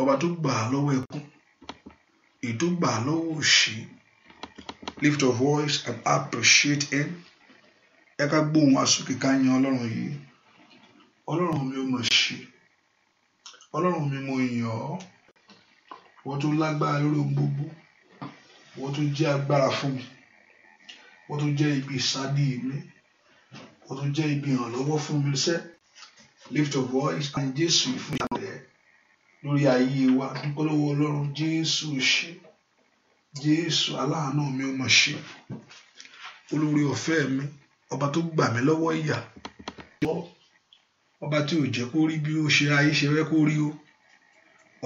ọba tó gbà á lọ́wọ́ ẹkún èyí tó gbà lọ́wọ́ òṣì lift your voice and appreciate him ẹ ká gbóhùn asókè ká yan ọlọ́run yìí ọlọ́run mi ò mọ̀ ṣe ọlọ́run mi mo yàn ọ́ wọ́n tó lágbára lórí ohun gbogbo wọ́n tó jẹ́ agbára fún mi wọ́n tó jẹ́ ibi ìsádi mi wọ́n tó jẹ́ ibi ìrànlọ́wọ́ fún mi sẹ́ lift your voice and Jésù fún ìyàwó rẹ̀ lórí ayé wa dúpẹ́ lọ́wọ́ ọlọ́run jésù ṣe jésù aláàánú mi ó mọ̀ ṣe olórí ọ̀fẹ́ mi ọba tó gbà mí lọ́wọ́ ìyà ọba tí ò jẹ́ kó rí bí ó ṣe ayé ṣe fẹ́ kó rí o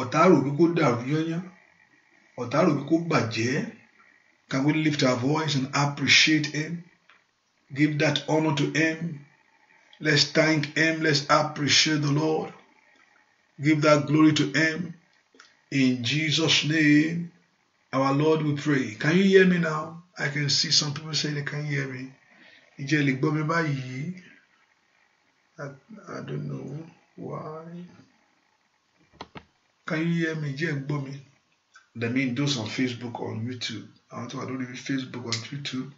ọ̀tá rò bí kó dàrú yányán ọ̀tá rò bí kó bàjẹ́ Can we lift our voice and appreciate him? Give that honor to him. Let's thank him. Let's appreciate the Lord. Give that glory to Him. In Jesus' name, our Lord, we pray. Can you hear me now? I can see some people say they can hear me. Ǹjẹ́ lè gbọ́ mi báyìí? I don't know why. Can you hear me? Ǹjẹ́ gbọ́ mi? That mean, those on Facebook or on YouTube. Àwọn tó wà lórí Facebook or YouTube.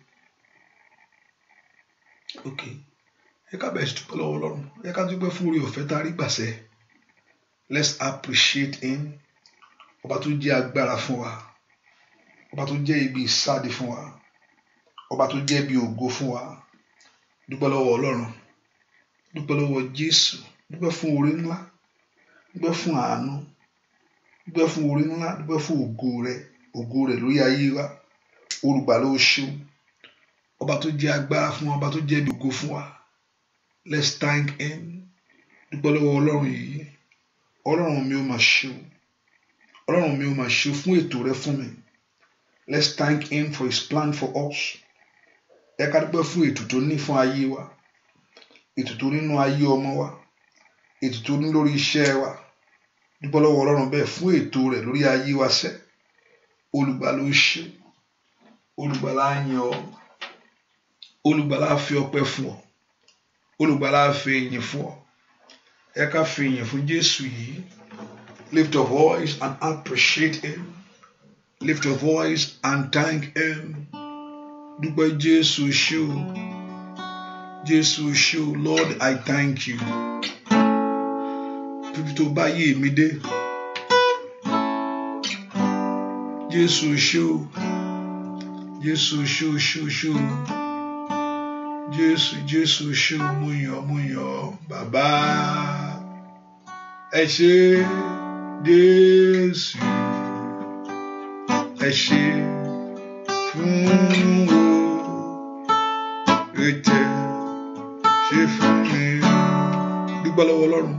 Okay. Ẹ ká bẹ̀rẹ̀ sí dúpẹ́ lọ́wọ́ Ọlọ́run. Ẹ ká dúpẹ́ fún orí ọ̀fẹ́ tá a rí gbàṣẹ́ let's appreciate him ọba tó jẹ́ agbára fún wa ọba tó jẹ́ ibi ìsádi fún wa ọba tó jẹ́ ibi ògo fún wa dúpẹ́ lọ́wọ́ ọlọ́run dúpẹ́ lọ́wọ́ jésù dúpẹ́ fún oore ńlá dúpẹ́ fún àánú dúpẹ́ fún oore ńlá dúpẹ́ fún ògo rẹ ògo rẹ lórí ayé wa olùgbà ló ṣeun ọba tó jẹ́ agbára fún wa ọba tó jẹ́ ibi ògo fún wa let's thank him dúpẹ́ lọ́wọ́ ọlọ́run yìí ọlọ́run mi ó máa ṣe o ọlọ́run mi ó máa ṣe fún ètò rẹ fún mi let's thank him for his plan for us ẹ ká dúpẹ́ fún ètò tó ní fún ayé wa ètò tó nínú ayé ọmọ wa ètò tó ní lórí iṣẹ́ wa dúpẹ́ lọ́wọ́ ọlọ́run bẹ́ẹ̀ fún ètò rẹ̀ lórí ayé wa sẹ́ olùgbàlà ó olùgbàlà á ọ olùgbàlà á fi fún ọ olùgbàlà á fi fún ọ ẹ ká fi ìyìn fún Jésù yìí lift your voice and appreciate him lift your voice and thank him dúpẹ́ Jésù ṣé o Jésù ṣé o Lord I thank you bíbí tó bá yé mi dé Jésù ṣé o Jésù ṣé o ṣé o ṣé o jésù jésù ṣé o mo yàn mo yàn bàbá ẹ ṣé jésù ẹ ṣé fún o ètè ṣe fún mi dúpẹ́ lọ́wọ́ ọlọ́run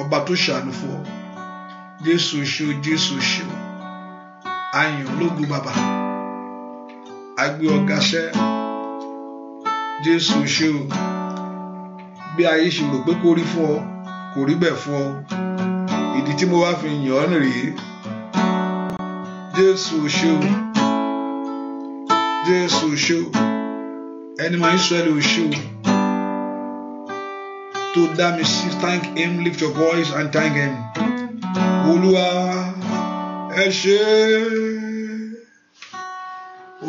ọba tó ṣàánú fún ọ jésù ṣé o jésù ṣé o ayàn ológun bàbá agbé ọ̀gá ṣẹ́ jésù ṣe o bí ayé ṣe rò pé kó rí fún ọ kò rí bẹ́ẹ̀ fún ọ ìdí tí mo wá fi yàn ọ́ nìyí jésù ṣe o jésù ṣe o ẹni máa ń sọ ẹ́ ṣe o tó dá mi sí thank him lift your voice and thank him olúwa ẹ ṣé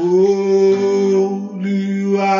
olúwa.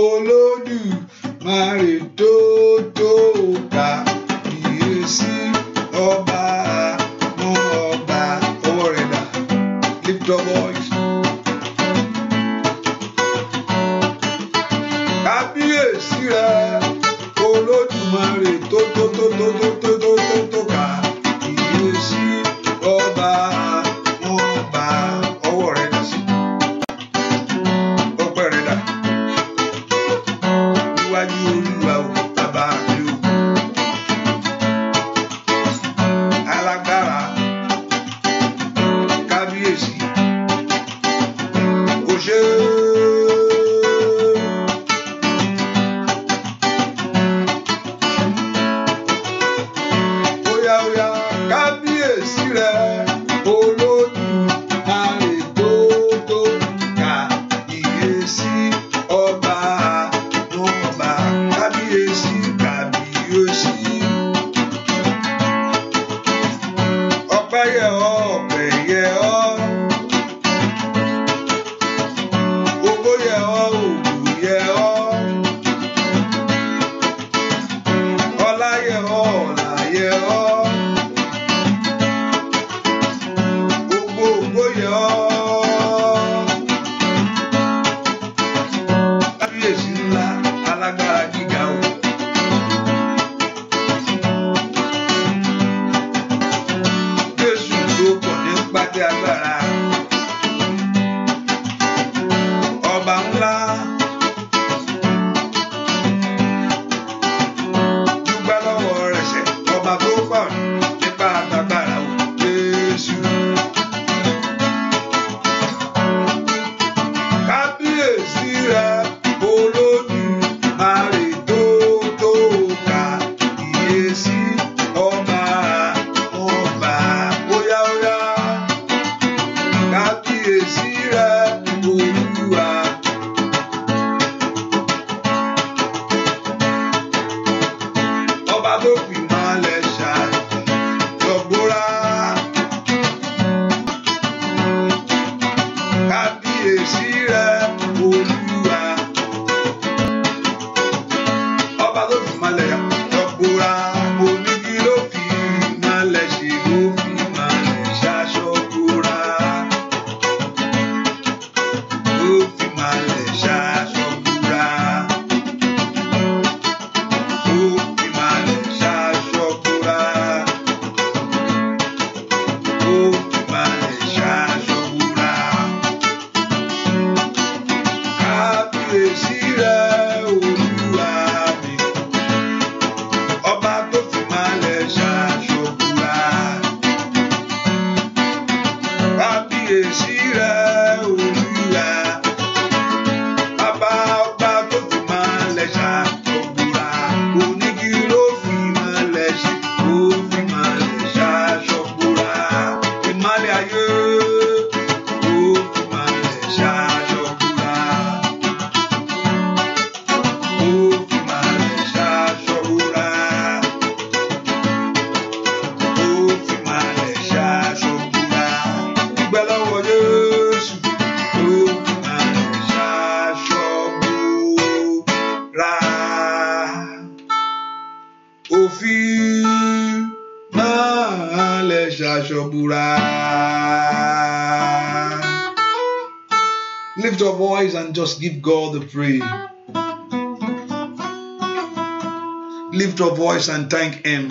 Olódùmarè tó tó gbà ìyè sí ọba. us give God the praise. Lift your voice and thank Him.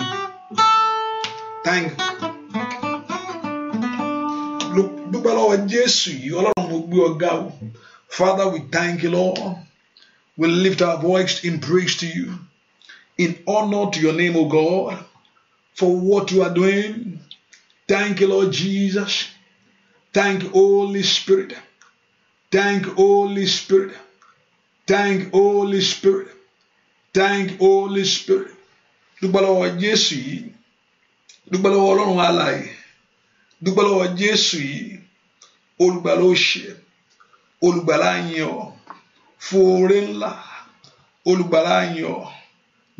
Thank. Dúpẹ́ lọ́wọ́ Jesus, yìí, Ọlọ́run mo gbé ọ̀gá o. Father, we thank you, Lord. We lift our voice in praise to you, in honor to your name, O God, for what you are doing. Thank you, Lord Jesus. Thank you, Holy Spirit. Thank Holy Spirit. Thank Holy Spirit. Thank Holy Spirit. Dúpẹ́ lọ́wọ́ Jésù yìí. Dúpẹ́ lọ́wọ́ Ọlọ́run alààyè. Dúpẹ́ lọ́wọ́ Jésù yìí. Olùgbàlà ó ṣe. Olùgbàlà yìn ọ́. Fún oore ńlá. Olùgbàlà yìn ọ́.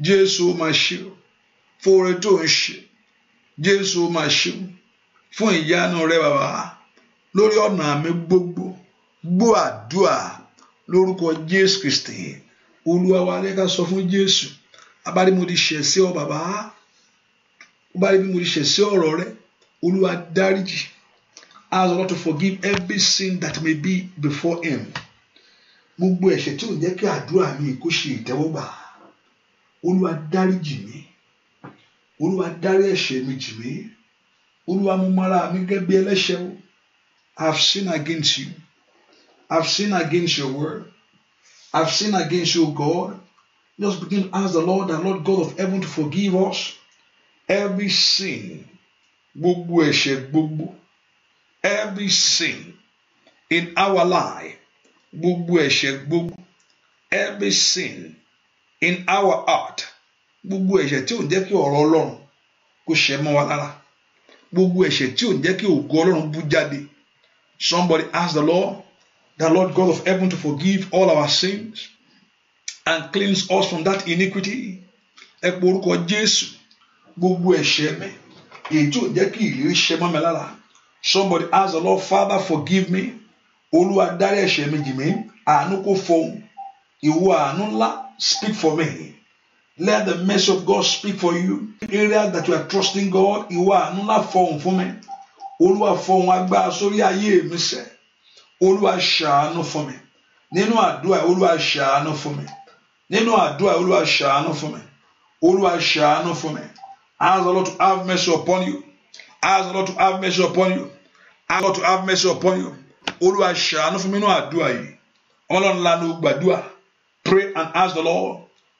Jésù ó máa ṣe. Fún oore tó ń ṣe. Jésù ó máa ṣe. Fún ìyanu rẹ bàbá. Lórí ọ̀nà mi gbogbo gbọ́ àdúà lórúkọ jésù kristi olúwa wa lẹ ká sọ fún jésù abárí mo ti sí ọ bàbá abárí sí ọ̀rọ̀ rẹ olúwa dáríjì ask God to forgive every sin that may be before him gbogbo ẹ̀ṣẹ̀ tí ò jẹ́ kí àdúrà mi kó ṣe ìtẹ́wọ́gbà olúwa dáríjì mi olúwa dárí ẹ̀ṣẹ̀ mi jì mí olúwa mú mọ́ra mi gẹ́gẹ́ bí ẹlẹ́ṣẹ̀ I have sinned against you I've sinned against your word. I've sinned against you, God. Just begin to ask the Lord, the Lord God of heaven, to forgive us every sin. Gbogbo ẹ̀ṣẹ̀ gbogbo. Every sin in our life. Gbogbo ẹ̀ṣẹ̀ gbogbo. Every sin in our heart. Gbogbo ẹ̀ṣẹ̀ tí ò ń jẹ́ kí ọ̀rọ̀ Ọlọ́run kó ṣẹ mọ́ wa lára. Gbogbo ẹ̀ṣẹ̀ tí ò ń jẹ́ kí ògo Ọlọ́run bú jáde. Somebody ask the Lord. the Lord God of heaven to forgive all our sins and cleanse us from that iniquity. Ẹ pe orúkọ Jésù gbogbo ẹ̀ṣẹ̀ mi èyí tí ò jẹ́ kí ìlérí ṣe mọ́ mi lára. Somebody ask the Lord Father forgive me. Olúwa dárí ẹ̀ṣẹ̀ mi jì mí. Àánú kò fọhùn. Ìwọ àánú ńlá speak for me. Let the mercy of God speak for you. Areas that you are trusting God, ìwọ àánú ńlá fọhùn fún mi. Olúwa fọhùn agbára sórí ayé mi sẹ́ẹ̀ olúwa ṣàánú fún mi nínú àdúrà olúwa ṣàánú fún mi nínú àdúrà olúwa ṣàánú fún mi olúwa ṣàánú fún mi ask the Lord to have mercy upon you ask the Lord to have mercy upon you ask the Lord to have mercy upon you olúwa ṣàánú fún mi nínú àdúrà yìí ọlọ́run lanu gbàdúrà pray and ask the Lord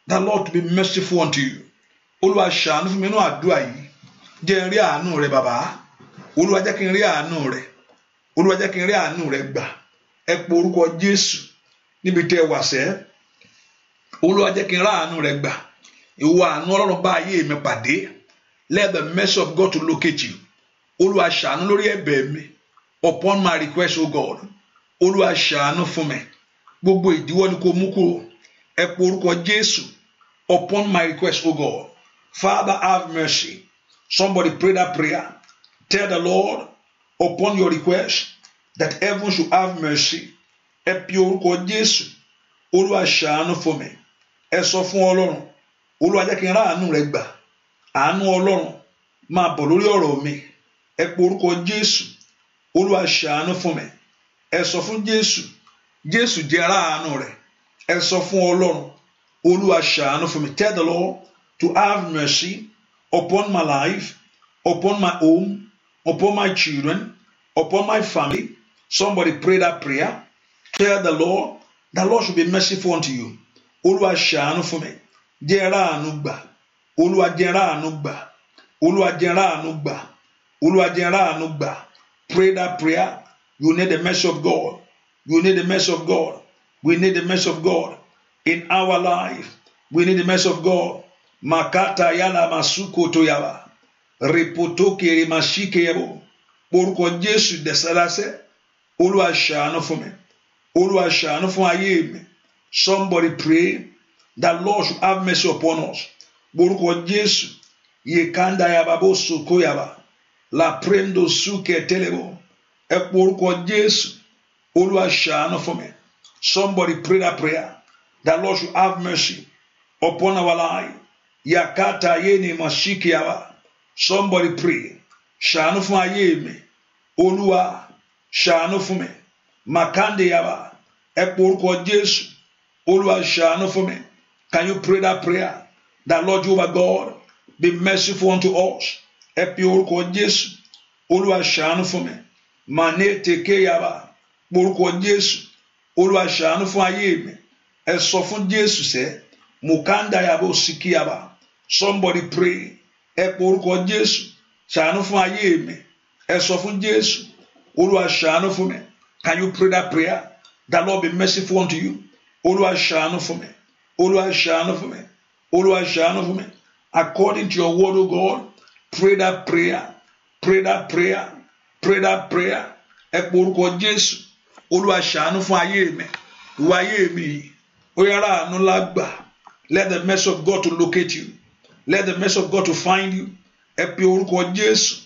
that Lord to be merciful unto you olúwa ṣàánú fún mi nínú àdúrà yìí jẹ́ n rí àánú rẹ bàbá olúwa jẹ́ kí n rí àánú rẹ olúwa jẹ́ kí n rí àánú rẹ gbà ẹ po orúkọ jésù níbi tẹ wà sẹ́ olúwa jẹ́ kí n rí àánú rẹ gbà ìwọ àánú ọlọ́run bá ayé mi pàdé let the mercy of God to locate you olúwa ṣàánú lórí ẹ̀bẹ̀ mi upon my request o God olúwa ṣàánú fún mi gbogbo ìdíwọ́ ni kò mú kúrò ẹ po orúkọ jésù upon my request o God Father have mercy somebody pray that prayer tell the Lord upon your request that heaven should have mercy ẹ pe orúkọ Jésù Olúwa ṣàánú fún mi ẹ sọ fún Ọlọ́run Olúwa jẹ́ kí n ráàánú rẹ gbà àánú Ọlọ́run máa bọ̀ lórí ọ̀rọ̀ mi ẹ pe orúkọ Jésù Olúwa ṣàánú fún mi ẹ sọ fún Jésù Jésù jẹ́ ráàánú rẹ ẹ sọ fún Ọlọ́run Olúwa ṣàánú fún mi tell the Lord to have mercy upon my life upon my home upon my children, upon my family. Somebody pray that prayer. Tell the Lord, the Lord should be merciful unto you. Olúwa ṣàánú fún mi. Jẹ́ ra àánú gbà. Olúwa jẹ́ ra àánú gbà. Olúwa jẹ́ Pray that prayer. You need the mercy of God. You need the mercy of God. We need the mercy of God in our life. We need the mercy of God. Makata yana masuko toyaba. rìpótó kiri ma ṣí kéyàbọ orúkọ jésù dẹsẹlásẹ olúwa fún mi olúwa ṣàánú fún ayé mi somebody pray that lord should have mercy upon us orúkọ jésù yekanda yaba bó soko yaba la prendo su suke telebo ẹ pọ orúkọ jésù olúwa fún mi somebody pray that prayer that lord should have mercy upon our life yakata yé ni ma ṣí somebody pray ṣàánú fún ayé mi olúwa ṣàánú fún mi makande yaba ẹ pọ orúkọ jésù olúwa ṣàánú fún mi can you pray that prayer that lord jehovah god be merciful unto us ẹ pọ orúkọ jésù olúwa ṣàánú fún mi mane teke yaba pọ orúkọ jésù olúwa ṣàánú fún ayé mi ẹ sọ fún jésù sẹ mukanda yaba osiki yaba somebody pray ẹ pe orúkọ jésù ṣàánú fún ayé mi ẹ sọ fún jésù olúwa ṣàánú fún mi can you pray that prayer that lord be merciful unto you olúwa ṣàánú fún mi olúwa ṣàánú fún mi olúwa ṣàánú fún mi according to your word o god pray that prayer pray that prayer pray that prayer ẹ pe orúkọ jésù olúwa ṣàánú fún ayé mi ìwà ayé mi yìí ó yára àánú lágbà let the mercy of god to locate you. Let the mercy of God to find you. Ẹ pe orúkọ Jésù.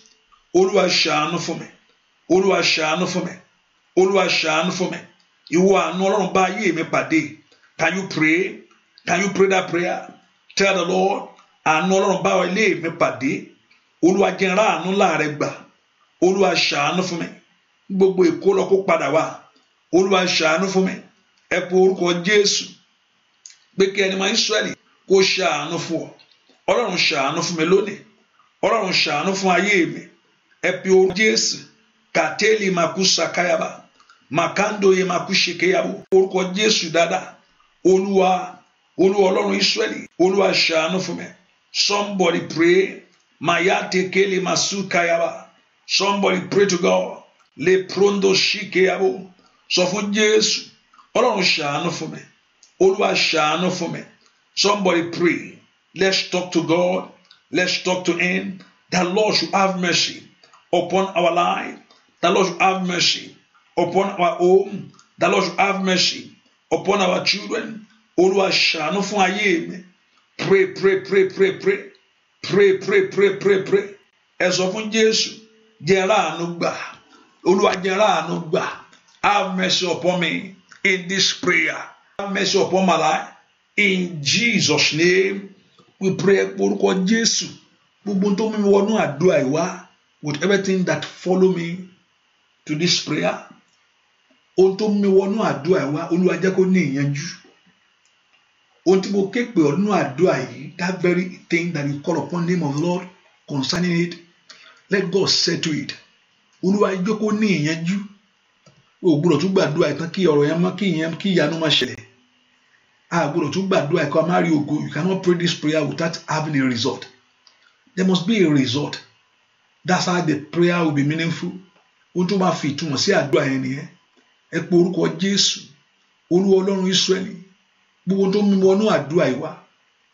Olúwa ṣàánú fún mi. Olúwa ṣàánú fún mi. Olúwa ṣàánú fún mi. Ìwọ àánú Ọlọ́run bá ayé mi pàdé. Can you pray? Can you pray that prayer? Tell the Lord, àánú Ọlọ́run bá ilé mi pàdé. Olúwa jẹ́ ra àánú láàrẹ gbà. Olúwa ṣàánú fún mi. Gbogbo èkó lọ kó padà wá. Olúwa ṣàánú fún mi. Ẹ pe orúkọ Jésù. Pé kí ẹni máa ń sọ ẹ̀lì kó ṣàánú fún ọ ọlọ́run ṣàánú fún mi lónìí ọlọ́run ṣàánú fún ayé mi ẹ pe orúkọ jésù kàtẹ́lì màkú sàkáyàbá màkàndóye màkú ṣèkéyàwó orúkọ jésù dáadáa olúwa olúwa ọlọ́run ìsírẹ́lì olúwa ṣàánú fún mi somebody pray mayatekele masukayaba somebody pray to God le prondo ṣìkéyàwó sọ fún jésù ọlọ́run ṣàánú fún mi olúwa ṣàánú fún mi somebody pray. Let's talk to God. Let's talk to Him. The Lord should have mercy upon our life. The Lord should have mercy upon our home. The Lord should have mercy upon our children. Olúwa ṣàánú Pray, pray, pray, pray, pray. Pray, pray, pray, pray, pray. As of fún Jésù, jẹ́ ráàánú gbà. Olúwa jẹ́ ráàánú gbà. Have mercy upon me in this prayer. Have mercy upon my life. In Jesus' name we pray orúkọ Jésù gbogbo tó mú mi wọnú àdúrà ìwá with everything that follow me to this prayer ohun tó mú mi wọnú àdúrà ìwá Olúwa jẹ́ kó ní ìyanjú ohun tí mo ké pè ọ́ nínú àdúrà yìí that very thing that you call upon the name of the Lord concerning it let God settle it Olúwa jẹ́ kó ní ìyanjú o gbọ́dọ̀ tún gbàdúrà ìtàn kí ọ̀rọ̀ yẹn má kí ìyanu má ṣẹlẹ̀ a gbọ́dọ̀ tún gbàdúrà ẹ̀kọ́ má rí ògo you cannot pray this prayer without having a result there must be a result that's how the prayer will be meaningful ó tún máa fi ìtumọ̀ sí àdúrà yẹn nìyẹn ẹ pe orúkọ Jésù olú ọlọ́run Ísírẹ́lì gbogbo tó mú wọnú àdúrà yìí wá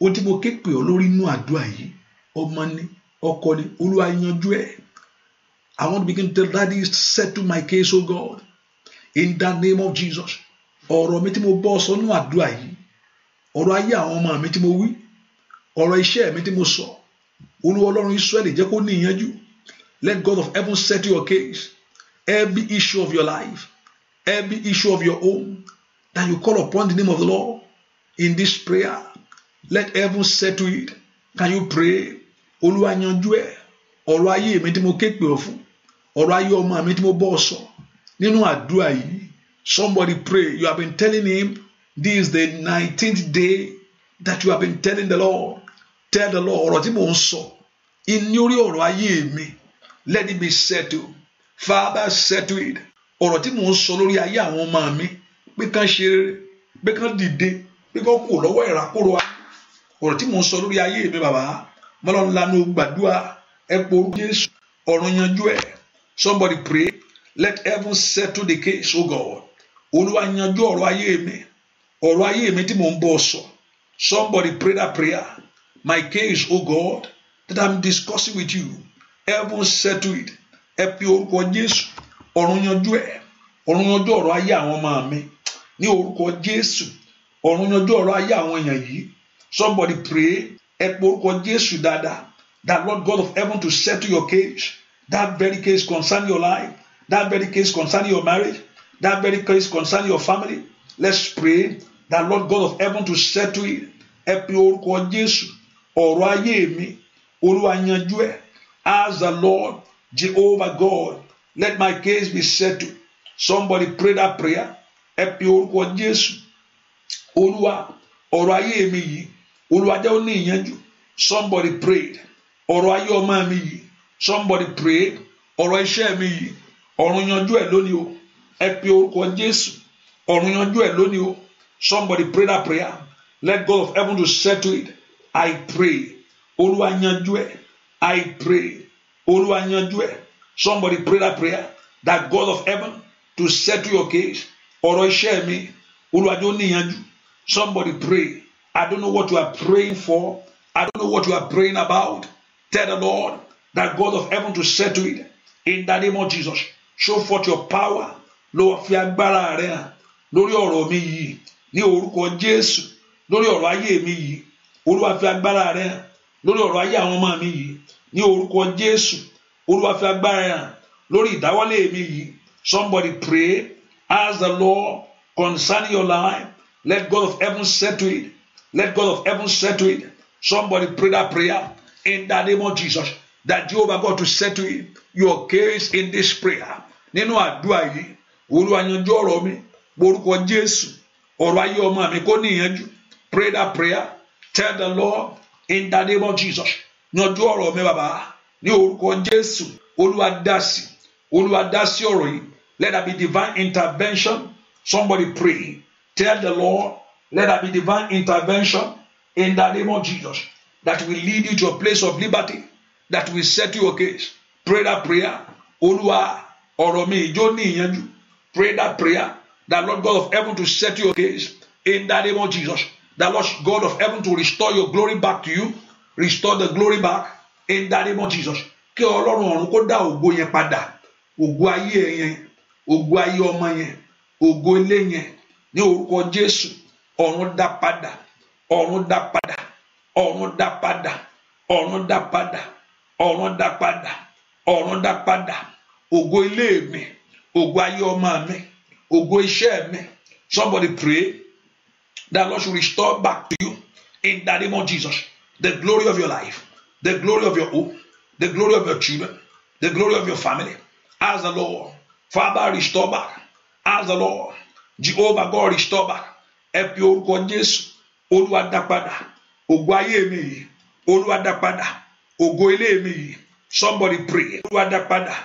ó tí mo ké pè lórí inú àdúrà yìí ọmọ ni ọkọ ni olúwa yanjú ẹ̀ I want to begin to tell daddy settle my case o oh God in that name of Jesus ọ̀rọ̀ mi tí mo bọ́ ọ sọ nínú àdúrà yìí ọ̀rọ̀ ayé àwọn ọmọ mi tí mo wí ọ̀rọ̀ iṣẹ́ mi tí mo sọ olúwa ọlọ́run israẹli jẹ́ kó ní ìyanjú let God of heaven set your case every issue of your life every issue of your home that you call upon the name of the Lord in this prayer let heaven settle it can you pray olúwa yanjú ẹ ọ̀rọ̀ ayé mi tí mo ké pè ọ́ fún ọ̀rọ̀ ayé ọmọ mi tí mo bọ́ ọ sọ nínú àdúrà yìí somebody pray you have been telling him this is the nineteenth day that you have been telling the Lord tell the Lord ọ̀rọ̀ tí mò ń sọ inú orí ọ̀rọ̀ ayé mi let it be settled father settle it ọ̀rọ̀ tí mò ń sọ lórí ayé àwọn ọmọ mi pé kán ṣe rere pé kán dìde pé kán kò lọ́wọ́ ìrákòrò wa tí mò ń sọ lórí ayé mi bàbá mọ́lọ́n gbàdúrà ẹ poru Jésù ọ̀rọ̀ yanjú ẹ̀ somebody pray let heaven settle the case o oh God olúwa yanjú ọ̀rọ̀ ayé mi ọ̀rọ̀ ayé mi tí mò ń bọ̀ sọ somebody pray that prayer my case o oh God that I'm discussing with you heaven settle it ẹ pe orúkọ Jésù ọ̀run yanjú ẹ̀ ọ̀run yanjú ọ̀rọ̀ ayé àwọn ọmọ mi ní orúkọ Jésù ọ̀run yanjú ọ̀rọ̀ ayé àwọn èèyàn yìí somebody pray ẹ pe orúkọ Jésù dáadáa that Lord God of heaven to settle your case that very case concern your life that very case concern your marriage that very case concern your family let's pray that Lord God of heaven to settle it ẹ pe orúkọ Jésù ọ̀rọ̀ ayé mi Olúwa yanjú ẹ̀ as the Lord Jehovah God let my case be settled somebody pray that prayer ẹ pe orúkọ Jésù Olúwa ọ̀rọ̀ ayé mi yìí Olúwa jẹ́ ó ìyanjú somebody prayed ọ̀rọ̀ ayé ọmọ mi yìí somebody prayed ọ̀rọ̀ iṣẹ́ mi yìí ọ̀run yanjú ẹ̀ lónìí o ẹ pe orúkọ Jésù ọ̀run yanjú ẹ̀ lónìí o. Somebody pray that prayer. Let God of heaven to settle it. I pray. Olúwa yanjú I pray. Olúwa yanjú Somebody pray that prayer. That God of heaven to settle your case. Ọ̀rọ̀ iṣẹ́ mi. Olúwa jọ̀ọ́ níyanjú. Somebody pray. I don't know what you are praying for. I don't know what you are praying about. Tell the Lord that God of heaven to settle it. In the name of Jesus, show forth your power. Lọ fi agbára rẹ̀ lórí ọ̀rọ̀ mi yìí ní orúkọ Jésù lórí ọ̀rọ̀ ayé mi yìí Olúwa fi agbára rẹ hàn lórí ọ̀rọ̀ ayé àwọn ọmọ mi yìí ní orúkọ Jésù Olúwa fi agbára rẹ hàn lórí ìdáwọ́lé mi yìí somebody pray as the Lord concerning your life let God of heaven settle it let God of heaven settle it somebody pray that prayer in the name of Jesus that Jehovah God to settle it your case in this prayer nínú àdúrà yìí Olúwa yanjú ọ̀rọ̀ mi orúkọ Jésù ọ̀rọ̀ ayé ọmọ mi kó níyanjú pray that prayer tell the Lord in the name of Jesus yanjú ọ̀rọ̀ mi bàbá ní orúkọ Jésù Olúwa dá sí Olúwa yìí let there be divine intervention somebody pray tell the Lord let there be divine intervention in the name of Jesus that will lead you to a place of liberty that will set you okay. pray that prayer Olúwa ọ̀rọ̀ mi ìjó ní ìyanjú pray that prayer. The Lord God of heaven to set your case in the name of Jesus. The Lord God of heaven to restore your glory back to you. Restore the glory back in the name of Jesus. Kí Ọlọ́run ọ̀run kó dá ògo yẹn padà. Ògo ayé yẹn, ògo ayé ọmọ yẹn, ògo ilé yẹn ní orúkọ Jésù. Ọ̀run dá padà, ọ̀run dá padà, ọ̀run dá padà, ọ̀run dá padà, ọ̀run dá padà, ọ̀run dá padà. Ògo ilé mi, ògo ayé ọmọ mi ògo iṣẹ́ mi somebody pray that Lord should restore back to you in the name of Jesus the glory of your life the glory of your home the glory of your children the glory of your family as the Lord Father restore back as the Lord Jehovah God restore back ẹ pe orúkọ Jésù Olúwa ògo ayé mi yìí ògo ilé mi somebody pray Olúwa dá padà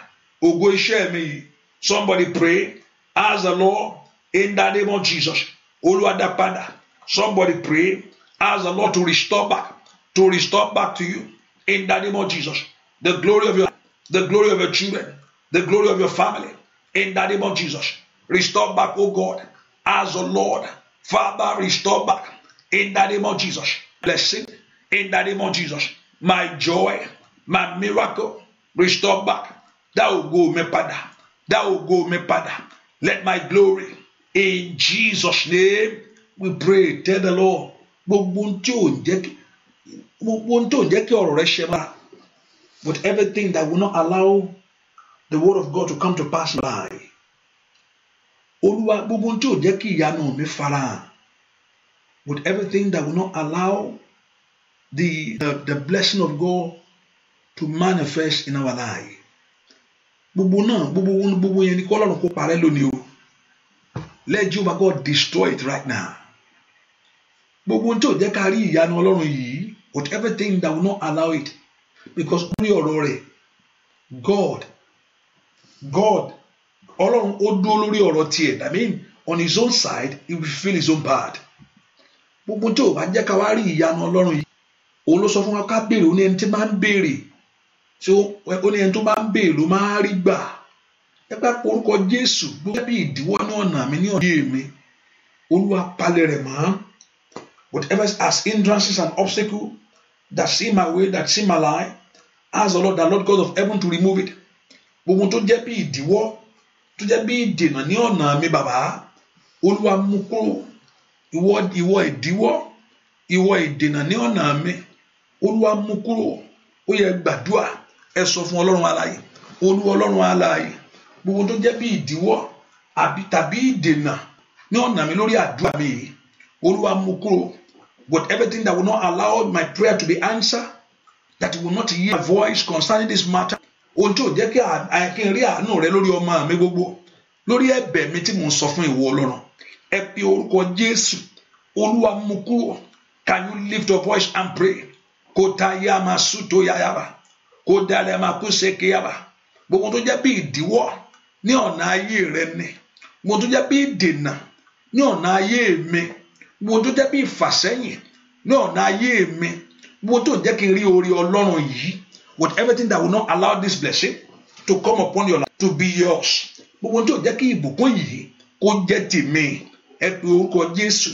ògo iṣẹ́ mi somebody pray. Ask the Lord in the name of Jesus. Somebody pray. Ask the Lord to restore back, to restore back to you in the name of Jesus. The glory of your the glory of your children, the glory of your family. In the name of Jesus. Restore back, oh God. As the Lord, Father, restore back. In the name of Jesus. Blessing. In the name of Jesus. My joy, my miracle, restore back. That will go me pada. That will go me pada. Let my glory in Jesus' name we pray. Tell the Lord. But everything that will not allow the word of God to come to pass by. But With everything that will not allow the, the, the blessing of God to manifest in our life. gbogbo náà gbogbo gbogbo yẹn ni kọ́ lọ́run kó parẹ́ lónìí o let Jehovah God destroy it right now gbogbo tí ò jẹ́ ká rí ìyanu ọlọ́run yìí with everything that will not allow it because lórí ọ̀rọ̀ rẹ̀ God God ọlọ́run ó dúró lórí ọ̀rọ̀ tiẹ̀ that mean on his own side he will feel his own bad gbogbo tí ò bá jẹ́ ká wá rí ìyanu ọlọ́run yìí òun ló sọ fún wa ká béèrè òun ni ẹni tí máa ń béèrè tí ó ní ẹni tó bá ń béè ló máa rí gbà ẹ bá porúkọ Jésù gbogbo bí ìdíwọ́ ní ọ̀nà mi ní ọ̀nà mi Olúwa palẹ̀ rẹ̀ mọ́ whatever as hindrances and obstacle that see my way that see my life ask the Lord the Lord God of heaven to remove it gbogbo tó jẹ́ bí ìdíwọ́ tó jẹ́ bí ìdènà ní ọ̀nà mi bàbá Olúwa mú kúrò ìwọ ìwọ ìdíwọ́ ìwọ ìdènà ní ọ̀nà mi Olúwa mú kúrò ó yẹ gbàdúrà ẹ sọ fún ọlọ́run alààyè olúwa ọlọ́run alààyè gbogbo tó jẹ́ bí ìdíwọ́ àbí tàbí ìdènà ní ọ̀nà mi lórí àdúrà mi yìí olúwa mú kúrò but everything that will not allow my prayer to be answered that will not hear my voice concerning this matter ohun tí ò jẹ́ kí n rí àánú rẹ lórí ọmọ mi gbogbo lórí ẹ̀bẹ̀ mi tí mò ń sọ fún ìwọ ọlọ́run ẹ pe orúkọ jésù olúwa mú kúrò can you lift your voice and pray kò tá yá máa sùn tó yáyára kó dalẹ̀ máa kú ṣe kíyàbá gbogbo tó jẹ́ bí ìdíwọ́ ní ọ̀nà ayé rẹ ni gbogbo tó jẹ́ bí ìdènà ní ọ̀nà ayé mi gbogbo tó jẹ́ bí ìfàsẹ́yìn ní ọ̀nà ayé mi gbogbo tó jẹ́ kí n rí orí ọlọ́run yìí with everything that will not allow this blessing to come upon your life to be yours gbogbo tó jẹ́ kí ìbùkún yìí kó jẹ́ tèmi ẹ pe orúkọ Jésù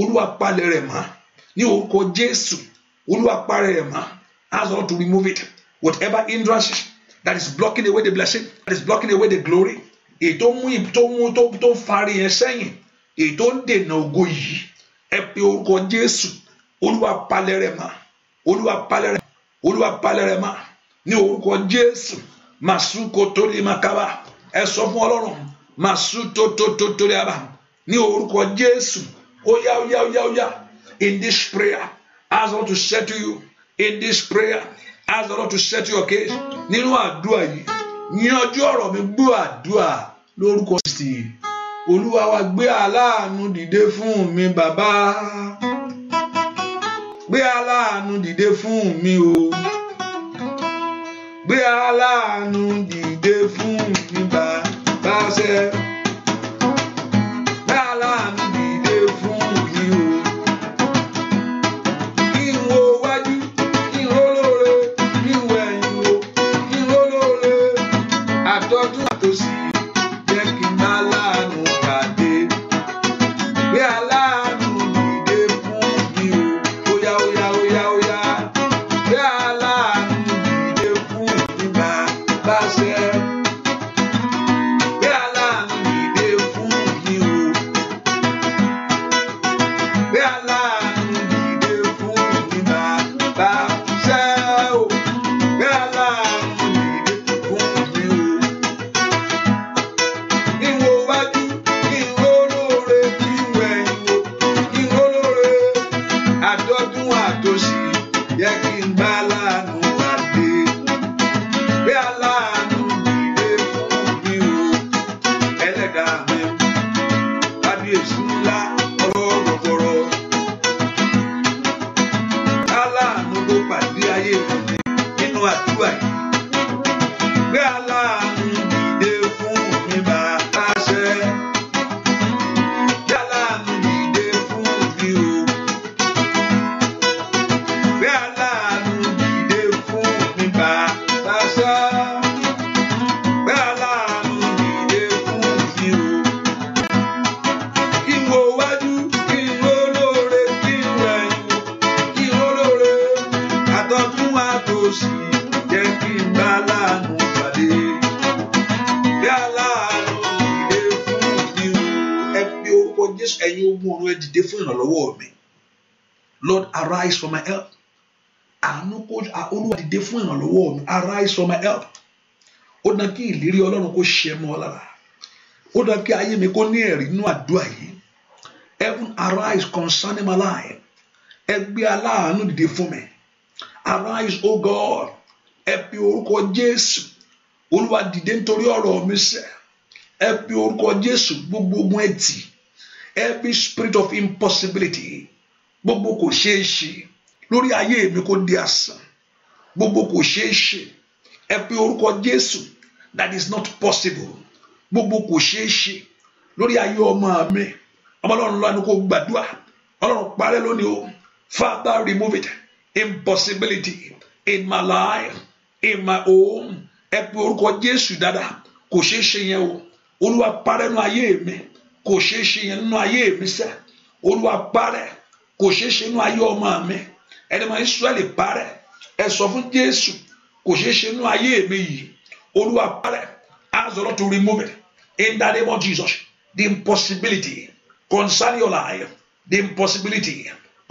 olúwa palẹ̀ rẹ̀ mọ́ ní orúkọ Jésù olúwa palẹ̀ rẹ̀ mọ́ ask God to remove it whatever hindrance that is blocking away the blessing that is blocking away the glory èyí tó mú tó mú tó tó ń fari yẹn sẹ́yìn èyí tó ń dènà ògo yìí ẹ pe orúkọ Jésù olúwa palẹ̀ rẹ̀ mọ́ olúwa palẹ̀ rẹ̀ olúwa palẹ̀ rẹ̀ mọ́ ní orúkọ Jésù màsúkò tó lè má kábà ẹ sọ fún Ọlọ́run màsú tó tó tó tó lè bá ní orúkọ Jésù ó yá ó yá ó yá ó yá in this prayer I want to say to you in this prayer ask the Lord to set your case nínú àdúrà yìí yanjú ọ̀rọ̀ mi gbọ́ àdúrà lórúkọ Kristi olúwa wa gbé aláàánú dìde fún mi bàbá gbé aláàánú dìde fún mi o gbé aláàánú dìde fún mi bàbá ṣe. fún ìrànlọ́wọ́ mi arise for my help ó dán kí ìlérí ọlọ́run kó ṣe mọ́ ọ lára ó dán kí ayé mi kó ní ẹ̀rí inú àdúrà yìí heaven arise concerning my life ẹ gbé aláàánú dìde fún mi arise o God ẹ pe orúkọ Jésù olúwa dìde nítorí ọ̀rọ̀ mi sẹ́ ẹ pe orúkọ Jésù gbogbo ogun ẹtì every spirit of impossibility gbogbo kò ṣeé ṣe lórí ayé mi kò di asán gbogbo kò ṣeé ṣe ẹ pe orúkọ Jésù that is not possible gbogbo kò ṣeé ṣe lórí ayé ọmọ mi ọmọ Ọlọ́run lọ́nu kò gbàdúrà Ọlọ́run parẹ́ lónìí o Father remove it impossibility in my life in my home ẹ pe orúkọ Jésù dáadáa kò ṣeé ṣe yẹn o Olúwa parẹ́ nínú ayé mi kò ṣeé ṣe yẹn nínú ayé mi sẹ́ Olúwa parẹ́ kò ṣeé ṣe nínú ayé ọmọ mi ẹni mọ Ísírẹ́lì parẹ́ ẹ sọ fún Jésù kò ṣeé ṣe nínú ayé mi yìí olúwa parẹ́ ask the Lord to remove it in that name of Jesus the impossibility concerning your life the impossibility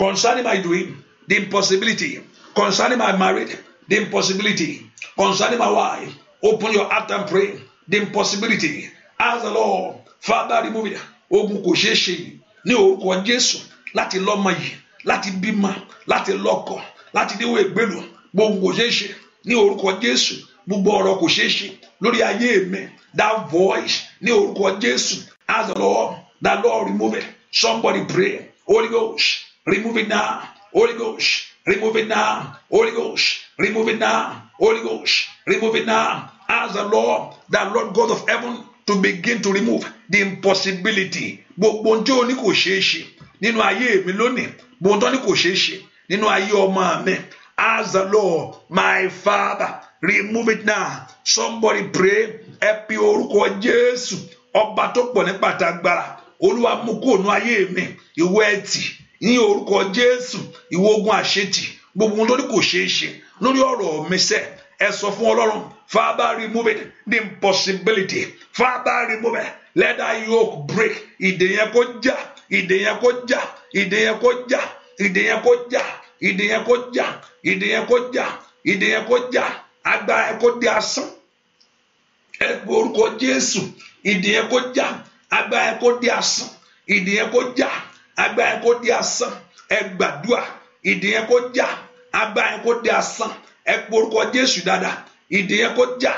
concerning my dream the impossibility concerning my marriage the impossibility concerning my wife open your heart and pray the impossibility ask the Lord father remove it ogun kò ṣeé ṣe yìí ní orúkọ Jésù láti lọ́mọ yìí láti bímọ láti lọ́kọ láti déwọ́ ìgbélu gbogbo kò ṣeé ṣe ní orúkọ Jésù gbogbo ọ̀rọ̀ kò ṣeé ṣe lórí ayé mi that voice ní orúkọ Jésù ask the Lord that Lord remove it somebody pray Holy Ghost remove it now Holy Ghost remove it now Holy Ghost remove it now Holy Ghost remove it now As the Lord that Lord God of heaven to begin to remove the impossibility gbogbo ohun ni o ní kò ṣeé ṣe nínú ayé mi lónìí gbogbo ohun tó kò ṣeé ṣe nínú ayé ọmọ mi as the lord my father remove it now somebody pray ẹ pe orúkọ jésù ọba tó pọ̀ ní pàtàgbára olúwa mú kó nu ayé mi ìwọ ẹtì ní orúkọ jésù ìwọ ogun àṣetì gbogbo lórí kò ṣeé ṣe lórí ọ̀rọ̀ mi sẹ́ ẹ sọ fún ọlọ́run father remove it the impossibility father remove it let that yoke break ìdè yẹn kó já ìdè yẹn kó já ìdè yẹn kó já ìdè yẹn kó já ìdè yẹn kó jà ìdè yẹn kó jà ìdè yẹn kó jà agbára yẹn kó di asán ẹ pe orúkọ Jésù ìdè yẹn kó jà agbára yẹn kó di asán ìdè yẹn kó jà agbára yẹn kó di asán ẹ gbàdúrà ìdè kó jà agbára yẹn kó di asán ẹ pe orúkọ Jésù dáadáa ìdè kó jà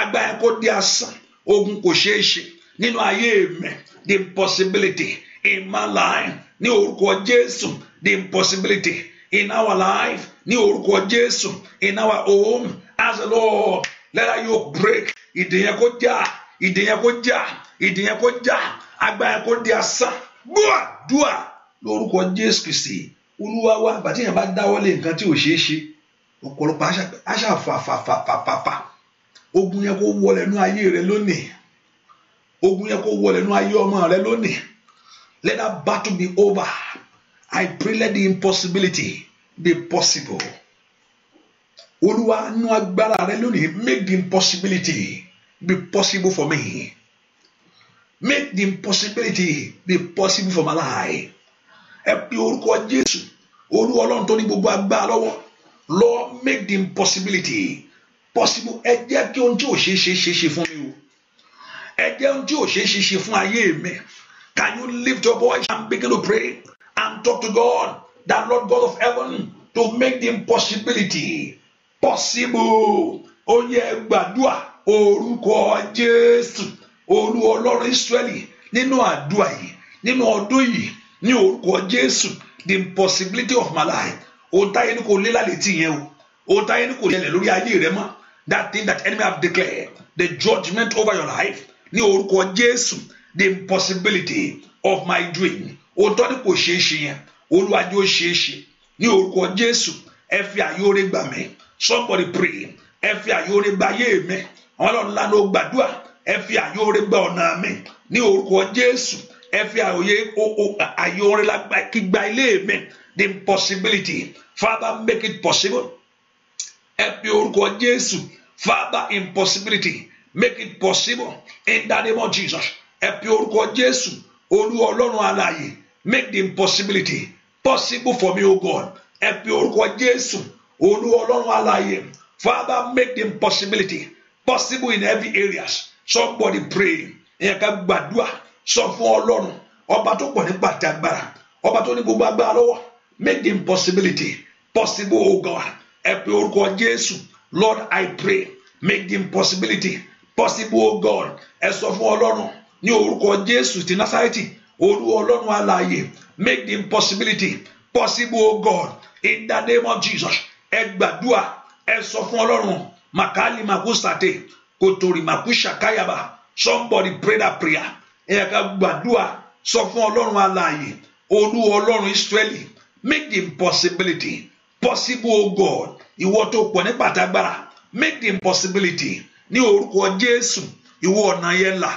agbára yẹn kó di asán ogun kò ṣeé ṣe nínú ayé mi the impossibility in my life ní orúkọ Jésù the impossibility in our life ní orúkọ Jésù in our home as a Lord let our yoke break ìdè yẹn kó já ìdè yẹn kó já ìdè yẹn kó já agbá yẹn kó di asán gbúà dúà lórúkọ Jésù Kristi Olúwa wa bàtí yẹn bá dáwọ́lé nǹkan tí ò ṣeé ṣe ọ̀pọ̀lọpọ̀ aṣàfàfàfàfàfà ogun yẹn kó wọlé nú ayé rẹ lónìí ogun yẹn kó wọlé nú ayé ọmọ rẹ lónìí let that battle be over. I pray let the impossibility be possible. Olúwa nu agbára rẹ lónìí make the impossibility be possible for me. Make the impossibility be possible for my life. Ẹ pe orúkọ Jésù, olú ọlọ́run tó ní gbogbo agbára lọ́wọ́. Lord make the impossibility possible. Ẹ jẹ́ kí ohun tí ò ṣeé ṣe ṣe ṣe fún mi o. Ẹ jẹ́ ohun tí ò ṣeé ṣe ṣe fún ayé mi. Can you lift your voice and begin to pray? and talk to God, that Lord God of heaven, to make the impossibility possible. Ó yẹ gbàdúrà orúkọ Jésù olú ọlọ́run Ísírẹ́lì nínú àdúrà yìí nínú ọdún yìí ní orúkọ Jésù the impossibility of my life. Ohun táyé ní kò lé lálẹ́ tì yẹn o. Ohun táyé ní kò yẹlẹ̀ lórí ayé rẹ mọ́. That thing that enemy have declared the judgment over your life ní orúkọ Jésù the impossibility of my dream òótọ́ ni kò ṣeé ṣe yẹn olùwàjò ṣeé ṣe ní orúkọ jésù ẹ fi àyóore gbà mí somebody pray ẹ fi àyóore gba ayé mi àwọn ọlọ́run ńlá ló gbàdúrà ẹ fi àyóore gba ọ̀nà mi ní orúkọ jésù ẹ fi àyè àyóore gba ilé mi the impossibility father make it possible ẹ fi orúkọ jésù father impossibility make it possible in that name of jesus ẹ fi orúkọ jésù olú ọlọ́run alààyè make the impossibility possible for me o God ẹ pe orúkọ Jésù Olúwa Ọlọ́run alààyè Father make the impossibility possible in every areas somebody pray ìyẹn ká gbàdúrà sọ fún Ọlọ́run ọba tó pọ̀ nípa àti agbára ọba tó ní gbogbo agbára lọ́wọ́ make the impossibility possible o God ẹ pe orúkọ Jésù Lord I pray make the impossibility possible o God ẹ sọ fún Ọlọ́run ní orúkọ Jésù ti Násárẹ́tì olú ọlọ́run alààyè make the impossibility possible o God in the name of Jesus ẹ gbàdúà ẹ sọ fún ọlọ́run màkàlì màkúsàtè kòtòrì màkúsàkáyàbà somebody pray that prayer ẹ ká gbàdúà sọ fún ọlọ́run alààyè olú ọlọ́run Ísírẹ́lì make the impossibility possible o God ìwọ tó pọ̀ ní pàtàgbára make the impossibility ní orúkọ Jésù ìwọ ọ̀nà yẹn là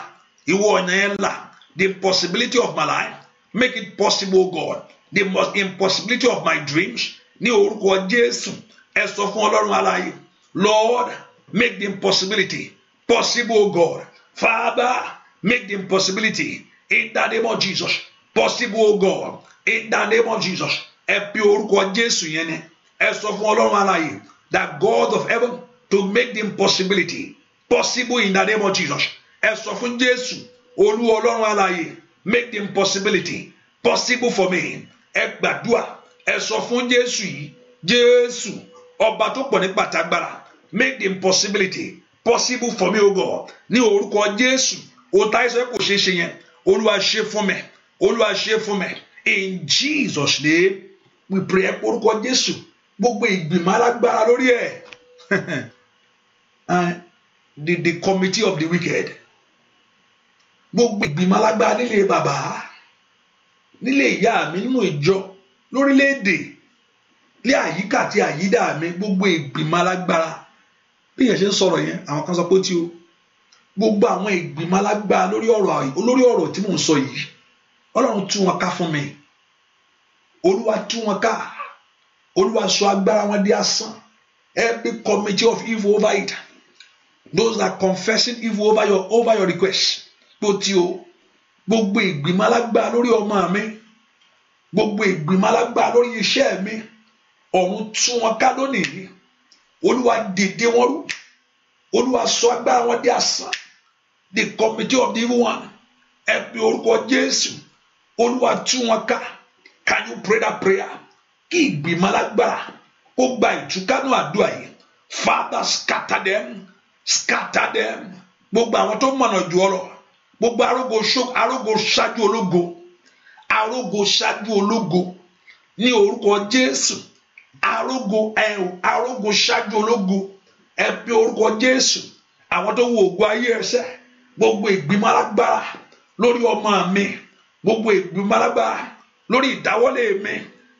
ìwọ ọ̀nà yẹn là the possibility of my life make it possible God the most impossibility of my dreams ní orúkọ Jésù ẹ sọ fún Ọlọ́run aláyé Lord make the impossibility possible God Father make the impossibility in the name of Jesus possible God in the name of Jesus ẹ pe orúkọ Jésù yẹn ni ẹ sọ fún Ọlọ́run aláyé that God of heaven to make the impossibility possible in the name of Jesus ẹ sọ fún Jésù olú ọlọ́run alààyè make the impossibility possible for me ẹ gbàdúà ẹ sọ fún jésù yìí jésù ọba tó pọ̀ ní pàtàgbára make the impossibility possible for me o God ní orúkọ jésù ohun táyé sọ kò ṣeé ṣe yẹn olúwa ṣe fún mi olúwa ṣe fún mi in Jesus name we pray ẹ orúkọ jésù gbogbo ìgbìmọ̀ alágbára lórí ẹ̀ the the committee of the wicked gbogbo ìgbìmọ̀ alágbára nílé bàbá nílé ìyá mi nínú ìjọ lórílẹ̀‐èdè lé àyíká àti àyídà mi gbogbo ìgbìmọ̀ alágbára bí èèyàn ṣe ń sọ̀rọ̀ yẹn àwọn kan sọ pé ó ti o gbogbo àwọn ìgbìmọ̀ alágbára lórí ọ̀rọ̀ tí mò ń sọ yìí ọlọ́run tú wọn ká fún mi olúwa tú wọn ká olúwa sọ agbára wọn di asán every committee of evil over it those that confessing evil over your over your request poti o gbogbo ìgbìmọ̀ alágbára lórí ọmọ mi gbogbo ìgbìmọ̀ alágbára lórí iṣẹ́ mi ọ̀run tú wọn ká lónìí olúwa dìde wọn rú olúwa sọ agbára wọn di asán the committee of the evil one ẹ pe orúkọ jésù olúwa tú wọn ká can you pray that prayer kí ìgbìmọ̀ alágbára ó gba ìtúkánú àdúrà yìí father scatter them scatter them gbogbo àwọn tó mọ̀nà jù ọ lọ gbogbo arógo arógo ṣáájú ológo arógo ṣáájú ológo ní orúkọ Jésù arógo ẹ̀hún arógo ṣáájú ológo ẹ pe orúkọ Jésù àwọn tó wo ògùn ayé ẹsẹ gbogbo ìgbìmọ̀ alágbára lórí ọmọ mi gbogbo ìgbìmọ̀ alágbára lórí ìdáwọ́lé mi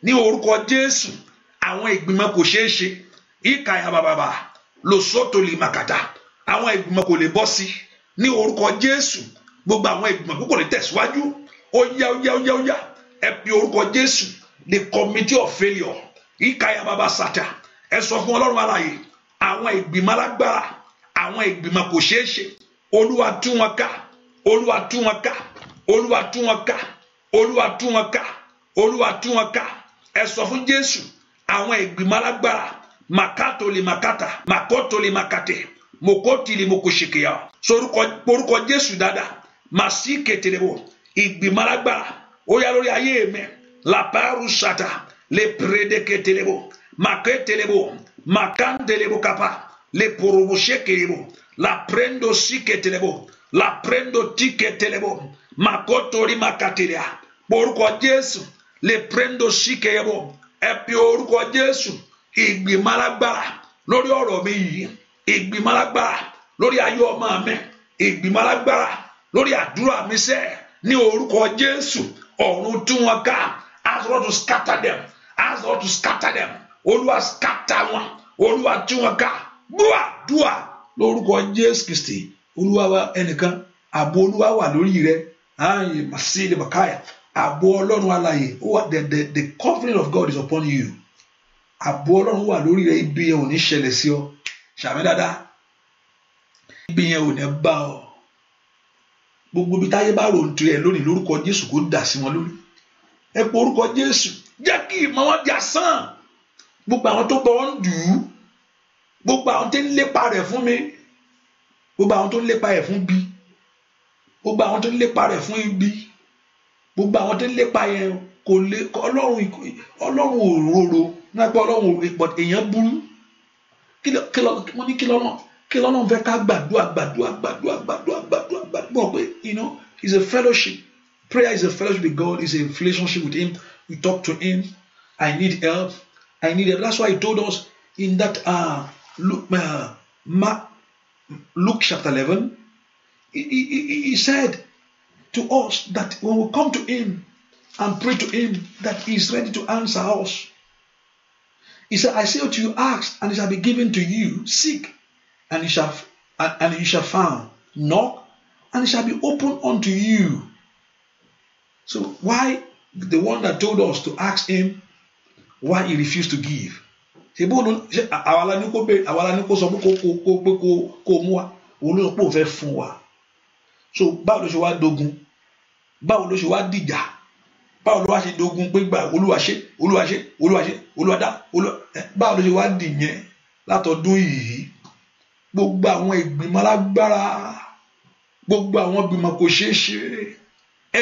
ní orúkọ Jésù àwọn ìgbìmọ̀ kò ṣeé ṣe ìkàyà bàbàbà lòsótò lè màkàtà àwọn ìgbìmọ̀ kò lè bọ́ sí ní orúkọ Jésù gbogbo àwọn ìgbìmọ̀ púpọ̀ ní tẹ̀síwájú ó yá ó yá ó yá ó yá ẹ pe orúkọ jésù the committee of failure ìkàyà bàbá sàtà ẹ sọ fún ọlọ́run alààyè àwọn ìgbìmọ̀ alágbára àwọn ìgbìmọ̀ kò ṣeé ṣe olúwa tú wọn ká olúwa tú wọn ká olúwa tú wọn ká olúwa tú wọn ká olúwa tú wọn ká ẹ sọ fún jésù àwọn ìgbìmọ̀ alágbára makatoli makata makotoli makate mokotili mokosekeya sorúkọ orúkọ jésù dáadáa màsí kẹtẹrẹwò ìgbìmọ̀ alágbára ó yá lórí ayé mi làbáru ṣàtà lè pèrèdè kẹtẹrẹwò màkẹ tẹrẹwò màkàndẹrẹwò kápá lè pòròwò ṣẹkẹrẹwò làpẹrẹndò sí kẹtẹrẹwò làpẹrẹndò tí kẹtẹrẹwò màkọtòrí màkàtẹrẹà orúkọ jésù lè pẹrẹndò sí kẹyẹwò ẹ pe orúkọ jésù ìgbìmọ̀ alágbára lórí ọ̀rọ̀ mi yìí ìgbìmọ̀ alágbára lórí ayé ọmọ mi ìgbìmọ̀ alágbára lórí àdúrà mi sẹ́ ní orúkọ Jésù ọ̀run tú wọn ká ask God to scatter them ask God to scatter them olúwa scatter wọn olúwa tú wọn ká gbúà dúà lórúkọ Jésù Kristi olúwa wa ẹnìkan ààbò olúwa wà lórí rẹ ayin masiri makaya ààbò ọlọ́run alààyè the the the covering of God is upon you ààbò ọlọ́run wà lórí rẹ ibi yẹn ò ní ṣẹlẹ̀ sí ọ ṣàmì dáadáa ibi yẹn ò ní bá ọ gbogbo ibi táyé bá rò ń tirẹ̀ lónìí lórúkọ jésù kò dà sí wọn lórí ẹ pé orúkọ jésù jẹ́ kí ìmọ̀ wọn di asán gbogbo àwọn tó bọ̀ wọn dùn gbogbo àwọn tó ń lépa rẹ̀ fún mi gbogbo àwọn tó ń lépa rẹ̀ fún bí gbogbo àwọn tó ń lépa rẹ̀ fún ibi gbogbo àwọn tó ń lépa yẹn kò lè ọlọ́run ọlọ́run òróró nígbà pé ọlọ́run òróró èèyàn burú kí lọ́nà kí lọ́nà fẹ́ ká gbàdúrà gbàdúrà gbàdúrà gbàdúrà gbàdúrà gbàdúrà pé you know it's a fellowship prayer is a fellowship with God it's a relationship with him we talk to him I need help I need help that's why he told us in that uh, Luke, uh, Mark, Luke chapter 11 he, he, he said to us that when we come to him and pray to him that he is ready to answer us he said I say to you ask and it shall be given to you seek and it shall and you shall find. Knock, and it shall be open unto you. So why the one that told us to ask him why he refused to give? ṣebí òun ṣe àwa la ní kó bẹ àwa la ní kó sọ pé kó kó kó pé kó kó mú wa òun ló sọ pé òun fẹ́ fún wa so báwo ló ṣe wá dogun báwo ló ṣe wá dìjà báwo ló wá ṣe dogun pé gbà olúwa ṣe olúwa ṣe olúwa báwo ló ṣe wá dìyẹn látọdún yìí gbogbo àwọn ìgbìmọ̀ alágbára gbogbo àwọn ìgbìmọ̀ kò ṣeé ṣe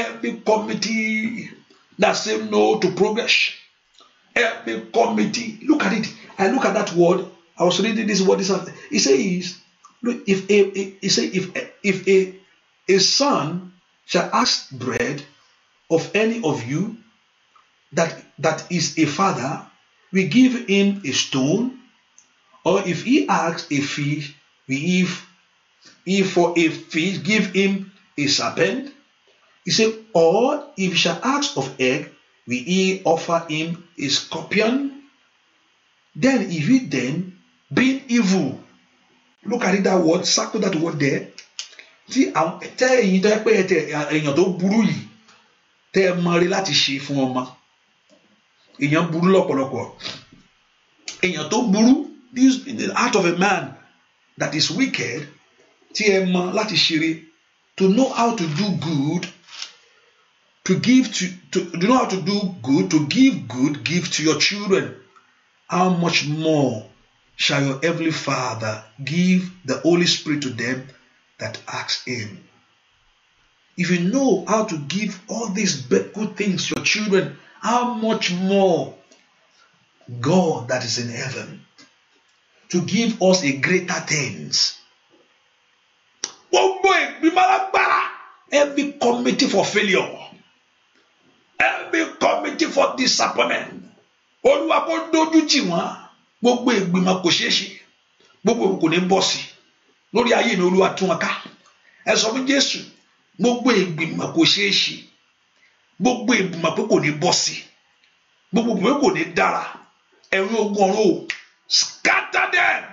every committee that say no to progress every committee look at it I look at that word I was reading this word this afternoon he says look if a, he say if if a a son shall ask bread of any of you that that is a father we give him a stone or if he asks a fish, we if he for a fish give him a serpent. He said, or if he shall ask of egg, we he offer him a scorpion. Then if he then being evil, look at it that word, circle that word there. tí àwọn tẹ ẹ̀yin tó yẹ pé ẹtẹ èèyàn tó burú yìí tẹ ẹ mọre láti ṣe fún ọmọ èèyàn burú lọ́pọ̀lọpọ̀ èèyàn this the heart of a man that is wicked tí ẹ to know how to do good to give to, to to know how to do good to give good give to your children how much more shall your heavenly father give the holy spirit to them that ask him if you know how to give all these good things to your children how much more god that is in heaven to give us a greater things. Gbogbo ìgbìmọ̀ alágbára every committee for failure every committee for disappointment Olúwa kó dojú jì wọ́n gbogbo ìgbìmọ̀ kò ṣeé ṣe gbogbo kò ní bọ́ sí lórí ayé mi Olúwa tún wọn ká ẹ sọ fún Jésù gbogbo ìgbìmọ̀ kò ṣeé ṣe gbogbo ìgbìmọ̀ pé kò ní bọ́ sí gbogbo pé kò ní dára ẹ̀rín ogun ọ̀run o scatter them